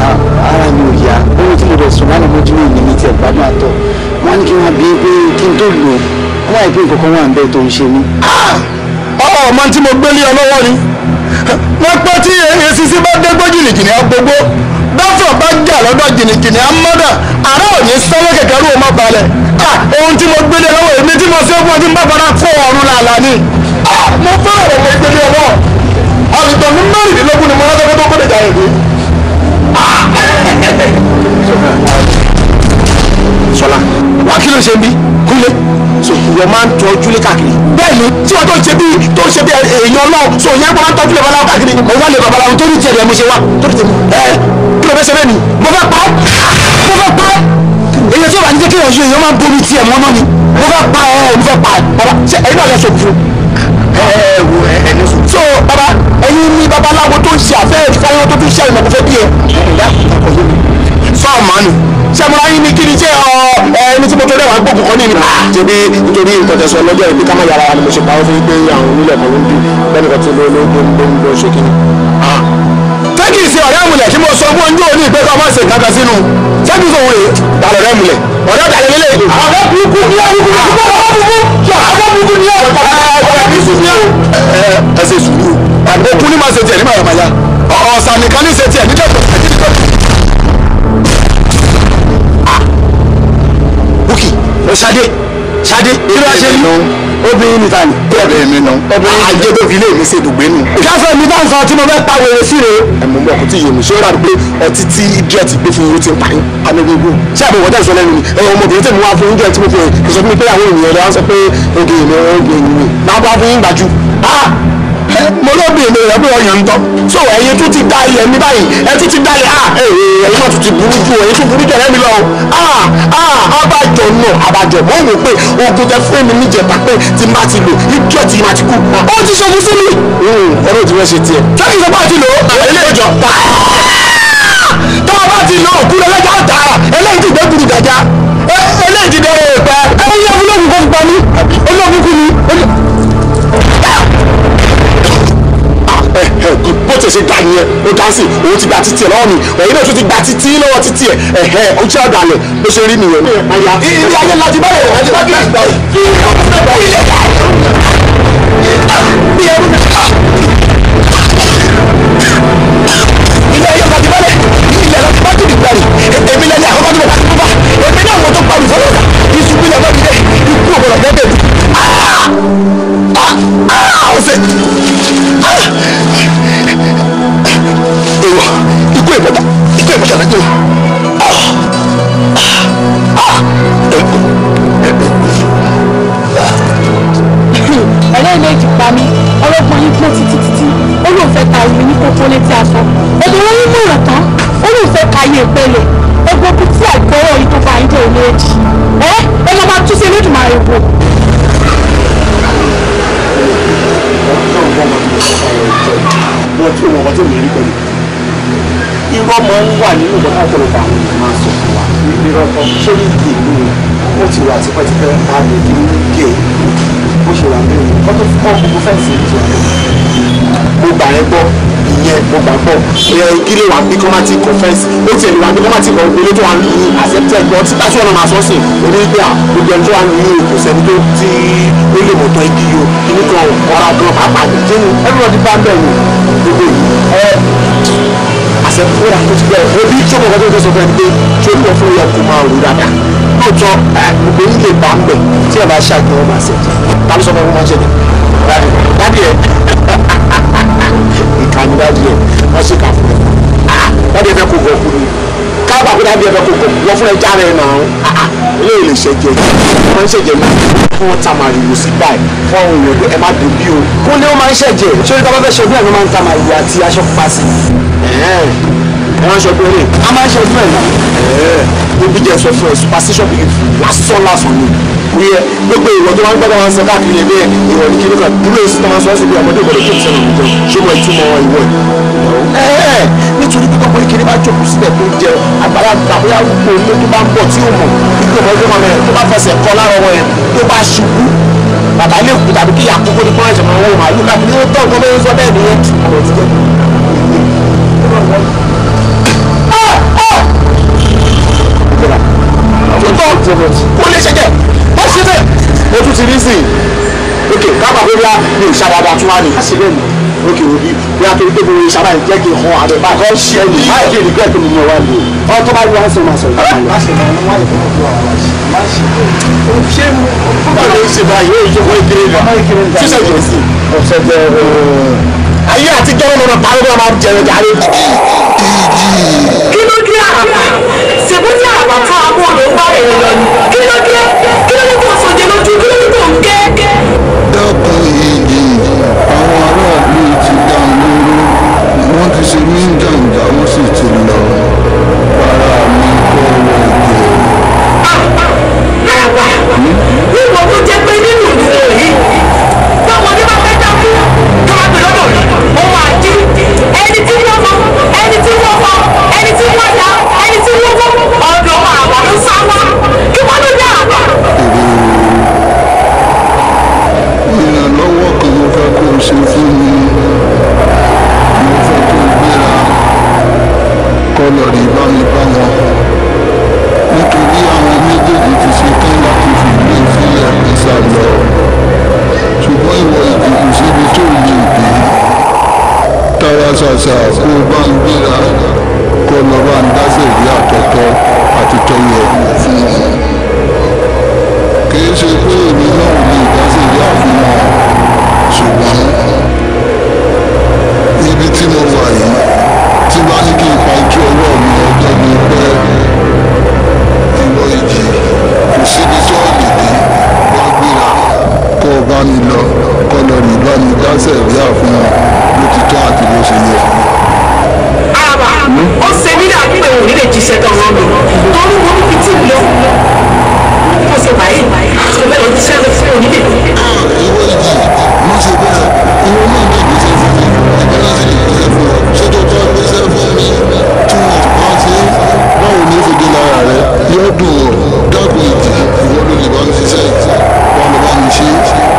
ara mi ò yá lórí tí mo rẹ̀ sùn lánàá mojú mi nìyí tí ẹ̀gbá máa tọ̀ wọ́n ní kí wọ́n bí pé kí n tó lò ó wọ́n àìpé nǹkan kan wà ń bẹ́ẹ̀ tó ń ṣe mí. Ah! ọ̀rọ̀ ọmọ tí mo gbé lé ọ lọ́wọ́ ni wọ́n pẹ́ tí esisi bá dégbó jìnnìjìnnì á gbogbo dọ́tọ̀ bá jà lọ́dọ̀ jìnnìjìnnì á mọ́dà àárọ̀ òní sọ́wọ́ kẹ̀kẹ́ rú ọmọ balẹ̀ ah! ohun tí mo gbé lé lọ́wọ́ èmi tí mo ṣe é fún ọdún bá fara fún ọ̀run àlùjọ̀nú mẹ́rìndínlógún ni mo rán sọ́kọ́ tó kọ́ dèjà èdè. sọlá wá kí ló ṣe ń bí kúlé sòkùrọ̀ máa ń tọ́ ojúlé káàkiri. bẹ́ẹ̀ni tí wọn tó ṣe bí tó ṣe bí èèyàn náà sọ yẹn kó máa ń tọ́jú lè babaláwo káàkiri. mo wá lè babaláwo tó ní tiẹ̀ rẹ̀ mo ṣe wá tó ní tiẹ̀ ẹ kí ló fẹ́ ṣe bẹ́ẹ̀ ni mo fẹ́ pa ọ́ mo fẹ́ pa ọ́ èyí tí ó bá ní kékeré ọ̀ṣun èèyàn máa ń bomi tiẹ̀ mọ́nà ni mo fẹ́ pa ọ́ mo fẹ́ pa ọ́ bàbá ṣe ẹ̀yin náà lọ sọ̀kùrọ̀ ẹ wò ẹ ẹni sùn. so baba ẹyin ní babaláwo tó ń ṣe àfẹ́ ìfọyín tó tún ṣe àyìnbó fẹ́ bí ẹ. fáwọn màánu sẹ́múra yín ni kí ni jẹ́ ọ ẹni tí mo tó dẹ́wà gbòkùn kan ní ni. jẹbi ah, nítorí ìtọ̀jẹsọ lọ́jọ́ ìbí ká má yàrá ni mo ṣe pàrọ̀ fún yín pé àwọn onílẹ̀ mọ̀ ló ń bí bẹ́ẹ̀ ni kò tí ló ló ń bó ń bó ń ṣe kí ni ọ̀rẹ́ àmùlẹ̀ tí mo sọ fún ọjọ́ òní ìpè kọ́ ọmọ ṣe kankan sínú ṣẹ́jú sòwò rè ta lọ́rẹ́ àmùlẹ̀ ọ̀rẹ́ ọ̀tà lélẹ̀ èdè. ọ̀rẹ́ burúkú ni ẹ burúkú ni ẹ burúkú ni ẹ ọ̀rẹ́ burúkú ni ẹ. ẹ ẹ ṣe sùúrù òkú ni máa ṣe tiẹ̀ ní màyàmáyà ọ̀sán ní ṣe tiẹ̀ ní tọ́tù ẹ̀ ní tọ́tù. Ṣadé kí ló ṣe yí obìnrin mi ni. obìnrin mi nu obìnrin tó fi ilé mi ṣe dùgbé nu. káfẹ́ mi bá ń sọ tí mo fẹ́ pa wèrè sí rèé. ẹ̀mú mi ọkùnrin tí yé mi ṣé ó rà pé ọtí tí idiot gbé fún irú ti ń parí amẹ́gbẹ́gbò. ṣé àbẹ̀wò ọ̀dà ìṣọ̀lẹ̀ mi ni ọmọbìnrin tí mo wá fún oúnjẹ tí mo fi hàn kì í sọ fún mi pé àwọn ènìyàn lọ́wọ́ sọ pé oge ìmọ̀ oge ìmọ̀ mo lóbìnrin rẹ̀ pé ọyàn ń tọ́ so ẹ̀yin tún ti da ilẹ̀ mi báyìí ẹ̀ tún ti da ilẹ̀ ah ẹ̀yin náà tún ti burú ju ẹ̀yin tún burú jẹ̀rẹ̀ mi lọ ah ah abájọ náà abájọ mo wò pé oògùn tẹ fún mi níjẹta pé ti má ti lò idiot ti má ti kú ó ti ṣòfò sí mi. Hmm, ọ̀rọ̀ tí wọ́n ṣe tiẹ̀. sẹ́yìn sọ́pá ti lò ó. ilé ìjọ. Ah. ṣẹ̀ṣẹ̀ gbà nìyẹn ó dá sí òun ti gba títì ẹ̀ lọ́wọ́ mi òun náà tún ti gba títì lọ́wọ́ títì ẹ̀ ẹ̀hẹ́ ó jẹ́ ọ̀dàlẹ̀ bó ṣe rí nìyẹn. ilé ayé láti bá yẹn láti bá kí ìgbà yìí ilé ayé láti bá yẹn ilé láti bá kí ìgbà yìí èmi lẹ́ni àkọ́kọ́ tó bá tó bá èmi náà wọ́n tó parù fọlọ́ta ìṣubú ilẹ̀ bá mi dé ikú òbọ̀rọ̀ bẹ́ẹ̀ bẹ́ẹ̀ ah ah ah ọ̀sẹ̀ ah èèwọ̀ ikú ìbọ̀dà ikú ìbọ̀dà lẹ́jọ́ ọ̀rẹ́ méjì pa mí ọlọ́gbọ́n yín pé títí títí ó lóun fẹ́ ta ìwé ní kókó létí aṣọ èdè wọn ní mọ̀ràn tán ó lóun fẹ́ ka iye ìpele egbògi tí àgbọ̀rọ̀ yìí tó fa ìdè méjì ẹ ẹ lọ́ máa túnṣe lódùmarè wò. Thank you wọn tí òun ọkọ tí mi rí pẹ̀lú irọ́ máa ń wà nínú ìwọ látọ̀rọ̀ àwọn èèyàn máa sọ fún wa irọ́ kan ṣé ní ìlú ó ti wà tipẹ́tipẹ́ àmì ìlú gé bó ṣe wà nínú ọdún fún ọkùnrin fẹ́ǹsì ìjọba mo gbà rẹ gbọ́ ìyẹn mo gbà pọ̀ ẹ kí lè wà bí kọ́ ti confess ó tiẹ̀ lè wà bí kọ́ ti kọ́ ìpele tó wà ní accepted but láti ọ̀nà màá sọ́sìn orí gbé à gbogbo ẹni tó wà ní kò sẹ́ni tó ti ó lè mọ̀ igi yìí o inú kan ọ̀rá kan pàápàá kò jẹ́nu everybody bá bẹ̀ wò gbogbo ẹ àṣẹkúrò àkójọ bẹ́ẹ̀ ebi tí ọmọ ọdún tó sọ fẹ́ dé tí ó pọ̀ fún yẹ kó máa rú dáadáa lóòótọ́ gbogbo yìí lè bá ń bẹ̀ tí ẹ bá ṣàgbọ́n ọmọ àṣẹ ta sọ fẹ́ fún ọmọ ṣẹ́ni dáadé ẹ ní dájú ẹ̀ wọ́n sì kà fún ẹ̀ wọ́n dẹ̀ fẹ́ kó gọ̀ fún mi káàbà kó dábìí ẹ̀ fẹ́ kó gọ̀ wọ́n fún ẹ járe ẹ̀ náà ah, ah, ilé ìlè ṣẹ̀jẹ̀ wọ́n ń ṣẹ̀jẹ̀ mi fún tamariwo sí báyìí fún àwọn èèyàn pé ẹ má dùn bí o. kó ní ó máa ń ṣẹ̀jẹ̀ sórí tábà fẹ́ ṣọdún ẹ̀ máa ń tamariwo àti aṣọ pupa sí i ránṣọ péré a máa ń ṣe ẹ̀ náà ibi fúyẹ́ gbogbo ìwọ tó wá ń gbọ́dọ̀ wá sọ káàkiri ẹgbẹ́ ìwọ ní kíni dúró èsì tó sọ síbi ọmọdé ìwọ tó sẹ́nu ìjọ ṣé mo ti mọ ìwọ ẹ̀ nítorí pé kọ́kọ́ bá jókòó sílẹ̀ tó jẹ àgbàlagbà bóyá gbogbo ilé tó bá ń bọ̀ tí ó mọ̀ nígbà ọmọdé ọmọ rẹ̀ tó bá fẹsẹ̀ kọ́ lára ọmọ rẹ̀ tó bá ṣubú bàbá ilé kù tàbí kí àkókò ní pọ́nrán ìṣẹ̀mọ̀ wọn síbẹ̀ mo tún ti rí sí i ok kápá pé bíá mi ò ṣàdàdà tún wá ní. a ṣe bẹ́ẹ̀ ok òbí bí a torí pé mo ṣàbà ń jẹ́ kí n hàn àbẹ̀ báyìí. kọ́ ṣe ẹni báyìí kí èdè gbẹ́gbẹ́ mi yàn wá lò. ọ bá yọ wọn wá ìgbà wọn kó àwọn àṣẹ. láṣẹ ìgbà wọn. báwo ló ṣe báyìí yóò rẹ kí ló dé àbá ṣèbí àbá tá a bọ̀ ló ń bá èèyàn ni kí ló dé gé. dábàá èyí àwọn aráàlú ti dá lóró wọ́n ti ṣe ní jàǹdà wọ́n sì ti lọ ara mi kọ́ wọ́n jẹ. bàbá nígbà tó jẹ́ pé nínú ìlú yìí báwọn ní bá fẹ́ dákú káàbì lọ́dọ̀ ó máa jí ẹni tí ṣe fún mi mo fẹ́ kó gbéra kọlọ̀ bá mi bá wọn nítorí àwọn méjèèjì ti ṣe tán láti fi ilé ìfilẹ̀ mi lọ ṣùgbọ́n ìwọ ìdìbò síbi tó lè gbé tara ṣàṣà kó o bá ń gbéra kó bá ń dáṣẹ̀ ìrí àtọ̀tọ̀ àti tọyọ̀ fún mi kì í ṣe pé èmi náà. tí mo wà yìí tí bá ní kí n fa ojú ọwọ́ mi ọjọ́ mi pẹ́ ìwọ ìjì kò síbi tó lè dé wá gbéra kó o bá mi lọ kó lọ rí bá mi dáṣẹ̀ rí àfihàn bó ti tọ́ àti bó ṣe yẹ. àbá ó ṣe nílẹ̀ àpè òní lè jíṣẹ́ tó rán mi torí mo ń fi tí ì lọ kó o ṣe báyìí àti ìbẹ̀rẹ̀ jíṣẹ́ lọ sí òní lè. lọ́dún dàgbò ìdí ìwọ́n ló lè bá mi ṣiṣẹ́ ìdí wọ́n lè bá mi ṣe é.